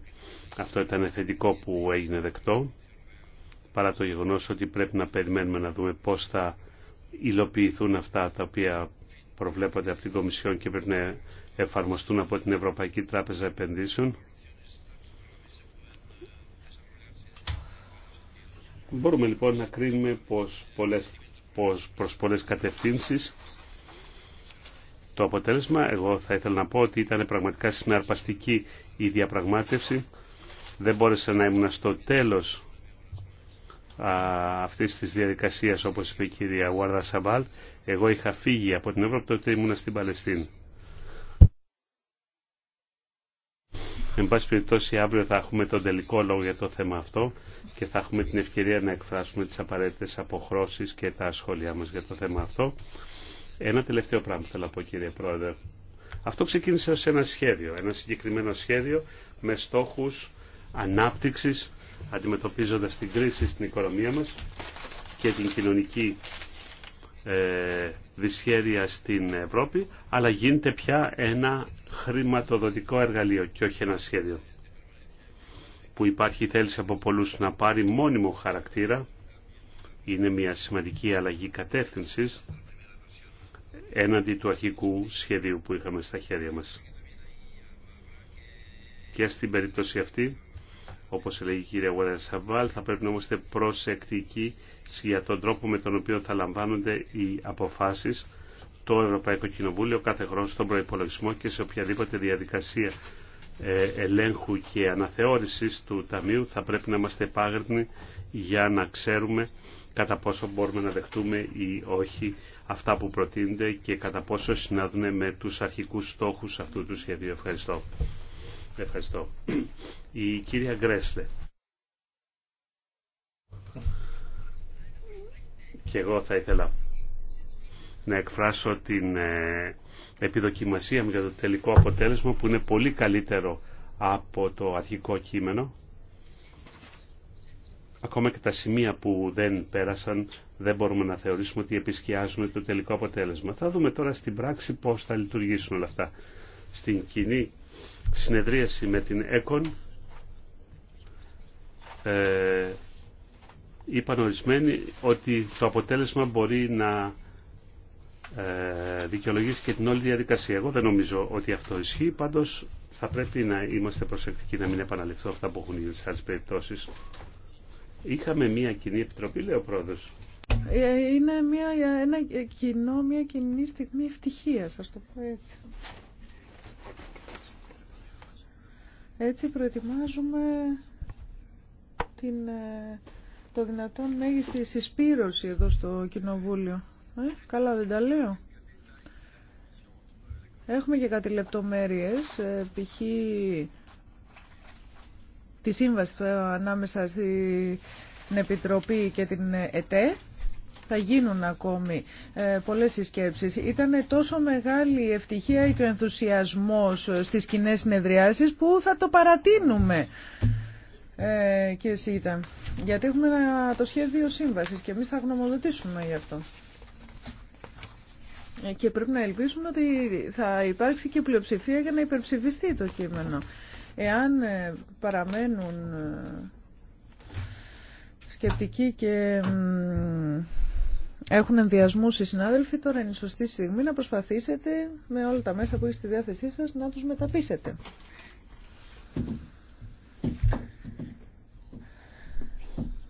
Αυτό ήταν θετικό που έγινε δεκτό, παρά το γεγονός ότι πρέπει να περιμένουμε να δούμε πώς θα υλοποιηθούν αυτά τα οποία προβλέπονται από την Κομισιόν και πρέπει να εφαρμοστούν από την Ευρωπαϊκή Τράπεζα Επενδύσεων. Μπορούμε λοιπόν να κρίνουμε πως, πολλές, πως προς πολλές κατευθύνσεις το αποτέλεσμα. Εγώ θα ήθελα να πω ότι ήταν πραγματικά συναρπαστική η διαπραγμάτευση. Δεν μπόρεσα να ήμουν στο τέλος αυτής της διαδικασίας όπως είπε η κυρία Γουάρδα Σαμπάλ εγώ είχα φύγει από την Ευρώπη τότε ήμουν στην Παλαιστίνη Εν πάση περιπτώσει αύριο θα έχουμε τον τελικό λόγο για το θέμα αυτό και θα έχουμε την ευκαιρία να εκφράσουμε τις απαραίτητες αποχρώσεις και τα σχόλιά μας για το θέμα αυτό ένα τελευταίο πράγμα θέλω να πω κύριε Πρόεδρε. Αυτό ξεκίνησε ως ένα σχέδιο, ένα συγκεκριμένο σχέδιο με στόχους ανάπτυξης, αντιμετωπίζοντας την κρίση στην οικονομία μας και την κοινωνική ε, δυσχέρεια στην Ευρώπη, αλλά γίνεται πια ένα χρηματοδοτικό εργαλείο και όχι ένα σχέδιο που υπάρχει θέληση από πολλούς να πάρει μόνιμο χαρακτήρα, είναι μια σημαντική αλλαγή κατεύθυνσης, έναντι του αρχικού σχεδίου που είχαμε στα χέρια μας. Και στην περίπτωση αυτή, όπως έλεγε η κυρία Γουέρα θα πρέπει να είμαστε προσεκτικοί για τον τρόπο με τον οποίο θα λαμβάνονται οι αποφάσεις το Ευρωπαϊκό Κοινοβούλιο κάθε χρόνο στον προϋπολογισμό και σε οποιαδήποτε διαδικασία ε, ελέγχου και αναθεώρησης του Ταμείου θα πρέπει να είμαστε επάγρυπνοι για να ξέρουμε κατά πόσο μπορούμε να δεχτούμε ή όχι αυτά που προτείνονται και κατά πόσο συνάδουν με τους αρχικούς στόχους αυτού του σχεδίου. Ευχαριστώ. Ευχαριστώ. Η κυρία Γκρέσλε. Και εγώ θα ήθελα να εκφράσω την ε, επιδοκιμασία μου για το τελικό αποτέλεσμα που είναι πολύ καλύτερο από το αρχικό κείμενο Ακόμα και τα σημεία που δεν πέρασαν δεν μπορούμε να θεωρήσουμε ότι επισκιάζουν το τελικό αποτέλεσμα. Θα δούμε τώρα στην πράξη πώς θα λειτουργήσουν όλα αυτά. Στην κοινή συνεδρίαση με την ΕΚΟΝ ε, είπαν ορισμένοι ότι το αποτέλεσμα μπορεί να ε, δικαιολογήσει και την όλη διαδικασία. Εγώ δεν νομίζω ότι αυτό ισχύει, πάντως θα πρέπει να είμαστε προσεκτικοί να μην επαναληφθώ αυτά που έχουν γίνει σε άλλες περιπτώσεις. Είχαμε μια κοινή επιτροπή, λέει ο πρόεδρος. Ε, είναι μια, ένα κοινό, μια κοινή στιγμή ευτυχία, α το πω έτσι. Έτσι προετοιμάζουμε την, ε, το δυνατόν μέγιστη συσπήρωση εδώ στο Κοινοβούλιο. Ε, καλά δεν τα λέω. Έχουμε και κάτι λεπτομέρειες, ε, π.χ τη σύμβαση ε, ανάμεσα στην Επιτροπή και την ΕΤΕ θα γίνουν ακόμη ε, πολλές συσκέψεις. Ήταν τόσο μεγάλη η ευτυχία και ο ενθουσιασμός στις κοινέ συνεδριάσεις που θα το παρατείνουμε. Ε, και εσύ Γιατί έχουμε το σχέδιο σύμβασης και εμείς θα γνωμοδοτήσουμε γι' αυτό. Ε, και πρέπει να ελπίσουμε ότι θα υπάρξει και πλειοψηφία για να υπερψηφιστεί το κείμενο. Εάν ε, παραμένουν ε, σκεπτικοί και έχουν ενδιασμού οι συνάδελφοι, τώρα είναι η σωστή στιγμή να προσπαθήσετε με όλα τα μέσα που έχει στη διάθεσή σας να τους μεταπίσετε.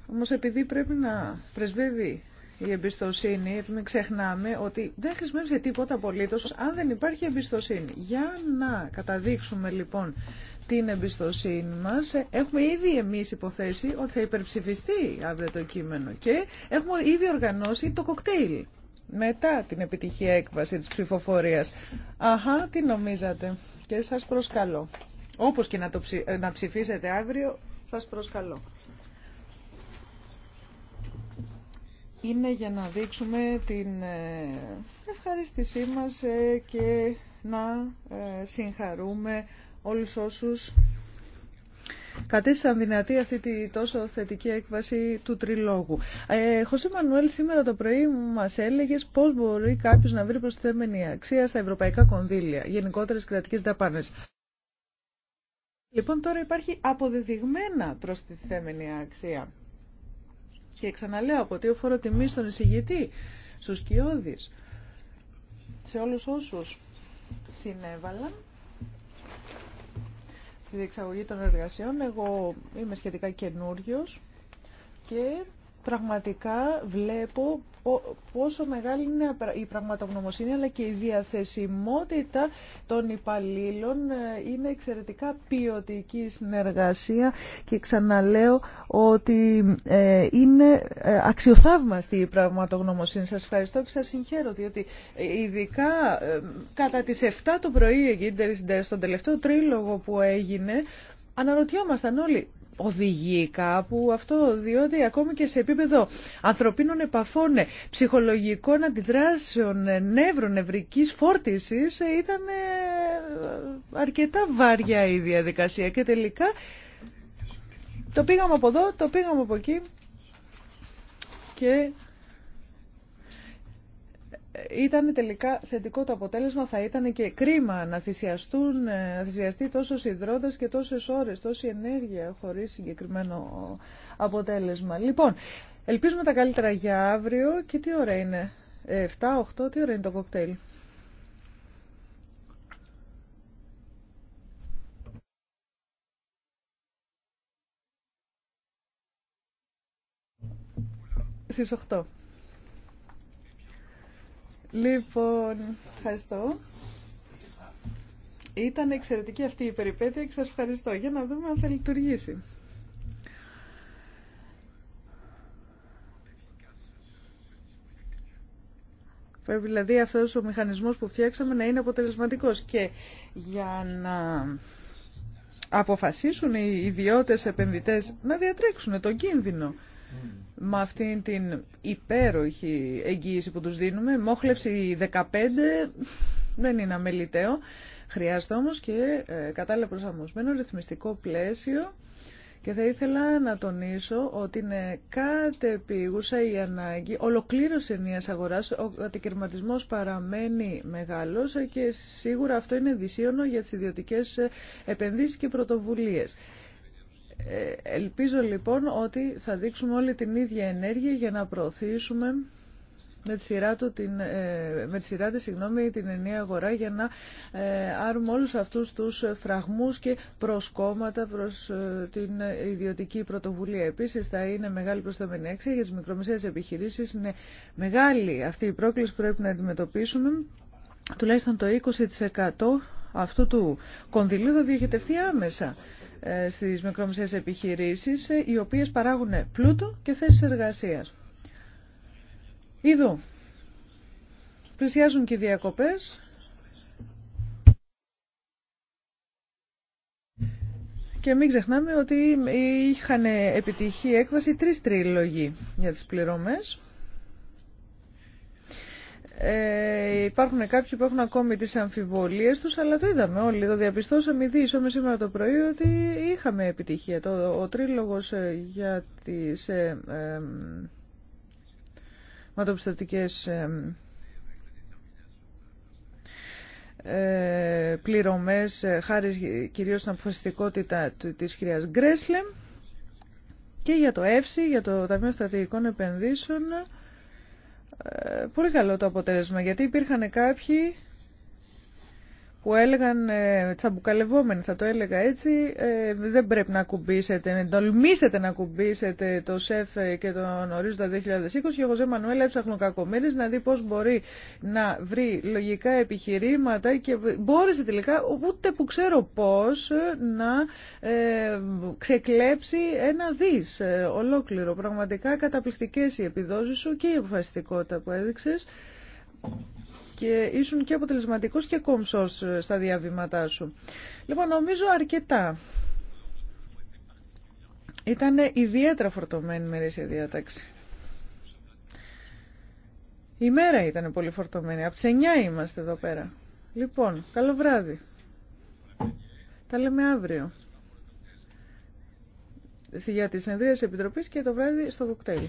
Όμως επειδή πρέπει να πρεσβεύει η εμπιστοσύνη, μην ξεχνάμε ότι δεν χρησιμεύει τίποτα απολύτως αν δεν υπάρχει εμπιστοσύνη. Για να καταδείξουμε λοιπόν την εμπιστοσύνη μας. Έχουμε ήδη εμείς υποθέσει ότι θα υπερψηφιστεί αύριο το κείμενο και έχουμε ήδη οργανώσει το κοκτέιλ μετά την επιτυχία έκβαση της ψηφοφορίας. Αχα, τι νομίζατε. Και σας προσκαλώ. Όπως και να, το ε, να ψηφίσετε αύριο, σας προσκαλώ. Είναι για να δείξουμε την ε, ευχαριστησή μας ε, και να συγχαρούμε όλους όσους κατήσαν δυνατή αυτή τη τόσο θετική έκβαση του τριλόγου. Ε, Μανουέλ σήμερα το πρωί μας έλεγες πώς μπορεί κάποιος να βρει προστιθέμενη αξία στα ευρωπαϊκά κονδύλια, γενικότερες κρατικές δαπάνες. Λοιπόν, τώρα υπάρχει αποδεδειγμένα προστιθέμενη αξία. Και ξαναλέω, από τι οφόρο τιμή στον εισηγητή, στους κοιόδης, σε όλους όσους συνέβαλαν στη διεξαγωγή των εργασιών. Εγώ είμαι σχετικά καινούριο και πραγματικά βλέπω πόσο μεγάλη είναι η πραγματογνωμοσύνη αλλά και η διαθεσιμότητα των υπαλλήλων ε, είναι εξαιρετικά ποιοτική συνεργασία και ξαναλέω ότι ε, είναι ε, αξιοθαύμαστη η πραγματογνωμοσύνη. Σας ευχαριστώ και σας συγχαίρω διότι ειδικά κατά τις 7 το πρωί εκεί στον τελευταίο τρίλογο που έγινε Αναρωτιόμασταν όλοι οδηγεί κάπου αυτό, διότι ακόμη και σε επίπεδο ανθρωπίνων επαφών, ε, ψυχολογικών αντιδράσεων, ε, νεύρων, νευρικής φόρτισης, ε, ήταν αρκετά βάρια η διαδικασία και τελικά το πήγαμε από εδώ, το πήγαμε από εκεί και ήταν τελικά θετικό το αποτέλεσμα, θα ήταν και κρίμα να, θυσιαστούν, ε, θυσιαστεί τόσο ιδρώντας και τόσες ώρες, τόση ενέργεια χωρίς συγκεκριμένο αποτέλεσμα. Λοιπόν, ελπίζουμε τα καλύτερα για αύριο και τι ώρα είναι, 7-8, τι ώρα είναι το κοκτέιλ. Στις 8. Λοιπόν, ευχαριστώ. Ήταν εξαιρετική αυτή η περιπέτεια και σας ευχαριστώ. Για να δούμε αν θα λειτουργήσει. Πρέπει δηλαδή αυτός ο μηχανισμός που φτιάξαμε να είναι αποτελεσματικός και για να αποφασίσουν οι ιδιώτες επενδυτές να διατρέξουν τον κίνδυνο με αυτήν την υπέροχη εγγύηση που τους δίνουμε. Μόχλευση 15 δεν είναι αμεληταίο. Χρειάζεται όμως και ε, κατάλληλα προσαρμοσμένο ρυθμιστικό πλαίσιο και θα ήθελα να τονίσω ότι είναι κατεπίγουσα η ανάγκη ολοκλήρωση ενίας αγοράς, ο κατακαιρματισμός παραμένει μεγάλος και σίγουρα αυτό είναι δυσίωνο για τις ιδιωτικές επενδύσεις και πρωτοβουλίες. Ε, ελπίζω λοιπόν ότι θα δείξουμε όλη την ίδια ενέργεια για να προωθήσουμε με τη σειρά, την, ε, με τη σειρά της, συγγνώμη, την ενιαία αγορά για να ε, άρουμε όλους αυτούς τους φραγμούς και προσκόμματα προς την ιδιωτική πρωτοβουλία. Επίσης θα είναι μεγάλη προσταμένη έξια για τις μικρομεσαίες επιχειρήσεις. Είναι μεγάλη αυτή η πρόκληση που πρέπει να αντιμετωπίσουμε. Τουλάχιστον το 20% αυτού του κονδυλίου θα διοχετευτεί άμεσα. Ε, στις μικρομεσαίες επιχειρήσεις, ε, οι οποίες παράγουν πλούτο και θέσεις εργασίας. Είδου, πλησιάζουν και οι διακοπές και μην ξεχνάμε ότι είχαν επιτυχή έκβαση τρεις τριλογοί για τις πληρωμές. Ε, υπάρχουν κάποιοι που έχουν ακόμη τις αμφιβολίες τους, αλλά το είδαμε όλοι, το διαπιστώσαμε ήδη σήμερα το πρωί ότι είχαμε επιτυχία. Το, ο τρίλογος ε, για τις ε, ε, ε, πληρωμές, ε, χάρη κυρίως στην αποφασιστικότητα της κυρίας Γκρέσλεμ και για το ΕΦΣΙ, για το Ταμείο Στρατηγικών Επενδύσεων, ε, πολύ καλό το αποτέλεσμα γιατί υπήρχαν κάποιοι που έλεγαν ε, τσαμπουκαλευόμενοι, θα το έλεγα έτσι, ε, δεν πρέπει να κουμπίσετε, τολμήσετε να κουμπίσετε το ΣΕΦ και τον ορίζοντα 2020 και ο Χωζέ Μανουέλα έψαχνε κακομύρης να δει πώς μπορεί να βρει λογικά επιχειρήματα και μπόρεσε τελικά ούτε που ξέρω πώς να ε, ξεκλέψει ένα δις ολόκληρο. Πραγματικά καταπληκτικές οι επιδόσεις σου και η αποφασιστικότητα που έδειξες και ήσουν και αποτελεσματικός και κόμψος ε, στα διαβήματά σου. Λοιπόν, νομίζω αρκετά. Ήταν ιδιαίτερα φορτωμένη η μερίσια διάταξη. Η μέρα ήταν πολύ φορτωμένη. Από τις 9 είμαστε εδώ πέρα. Λοιπόν, καλό βράδυ. Τα λέμε αύριο. Για τη συνεδρία της Επιτροπής και το βράδυ στο κοκτέιλ.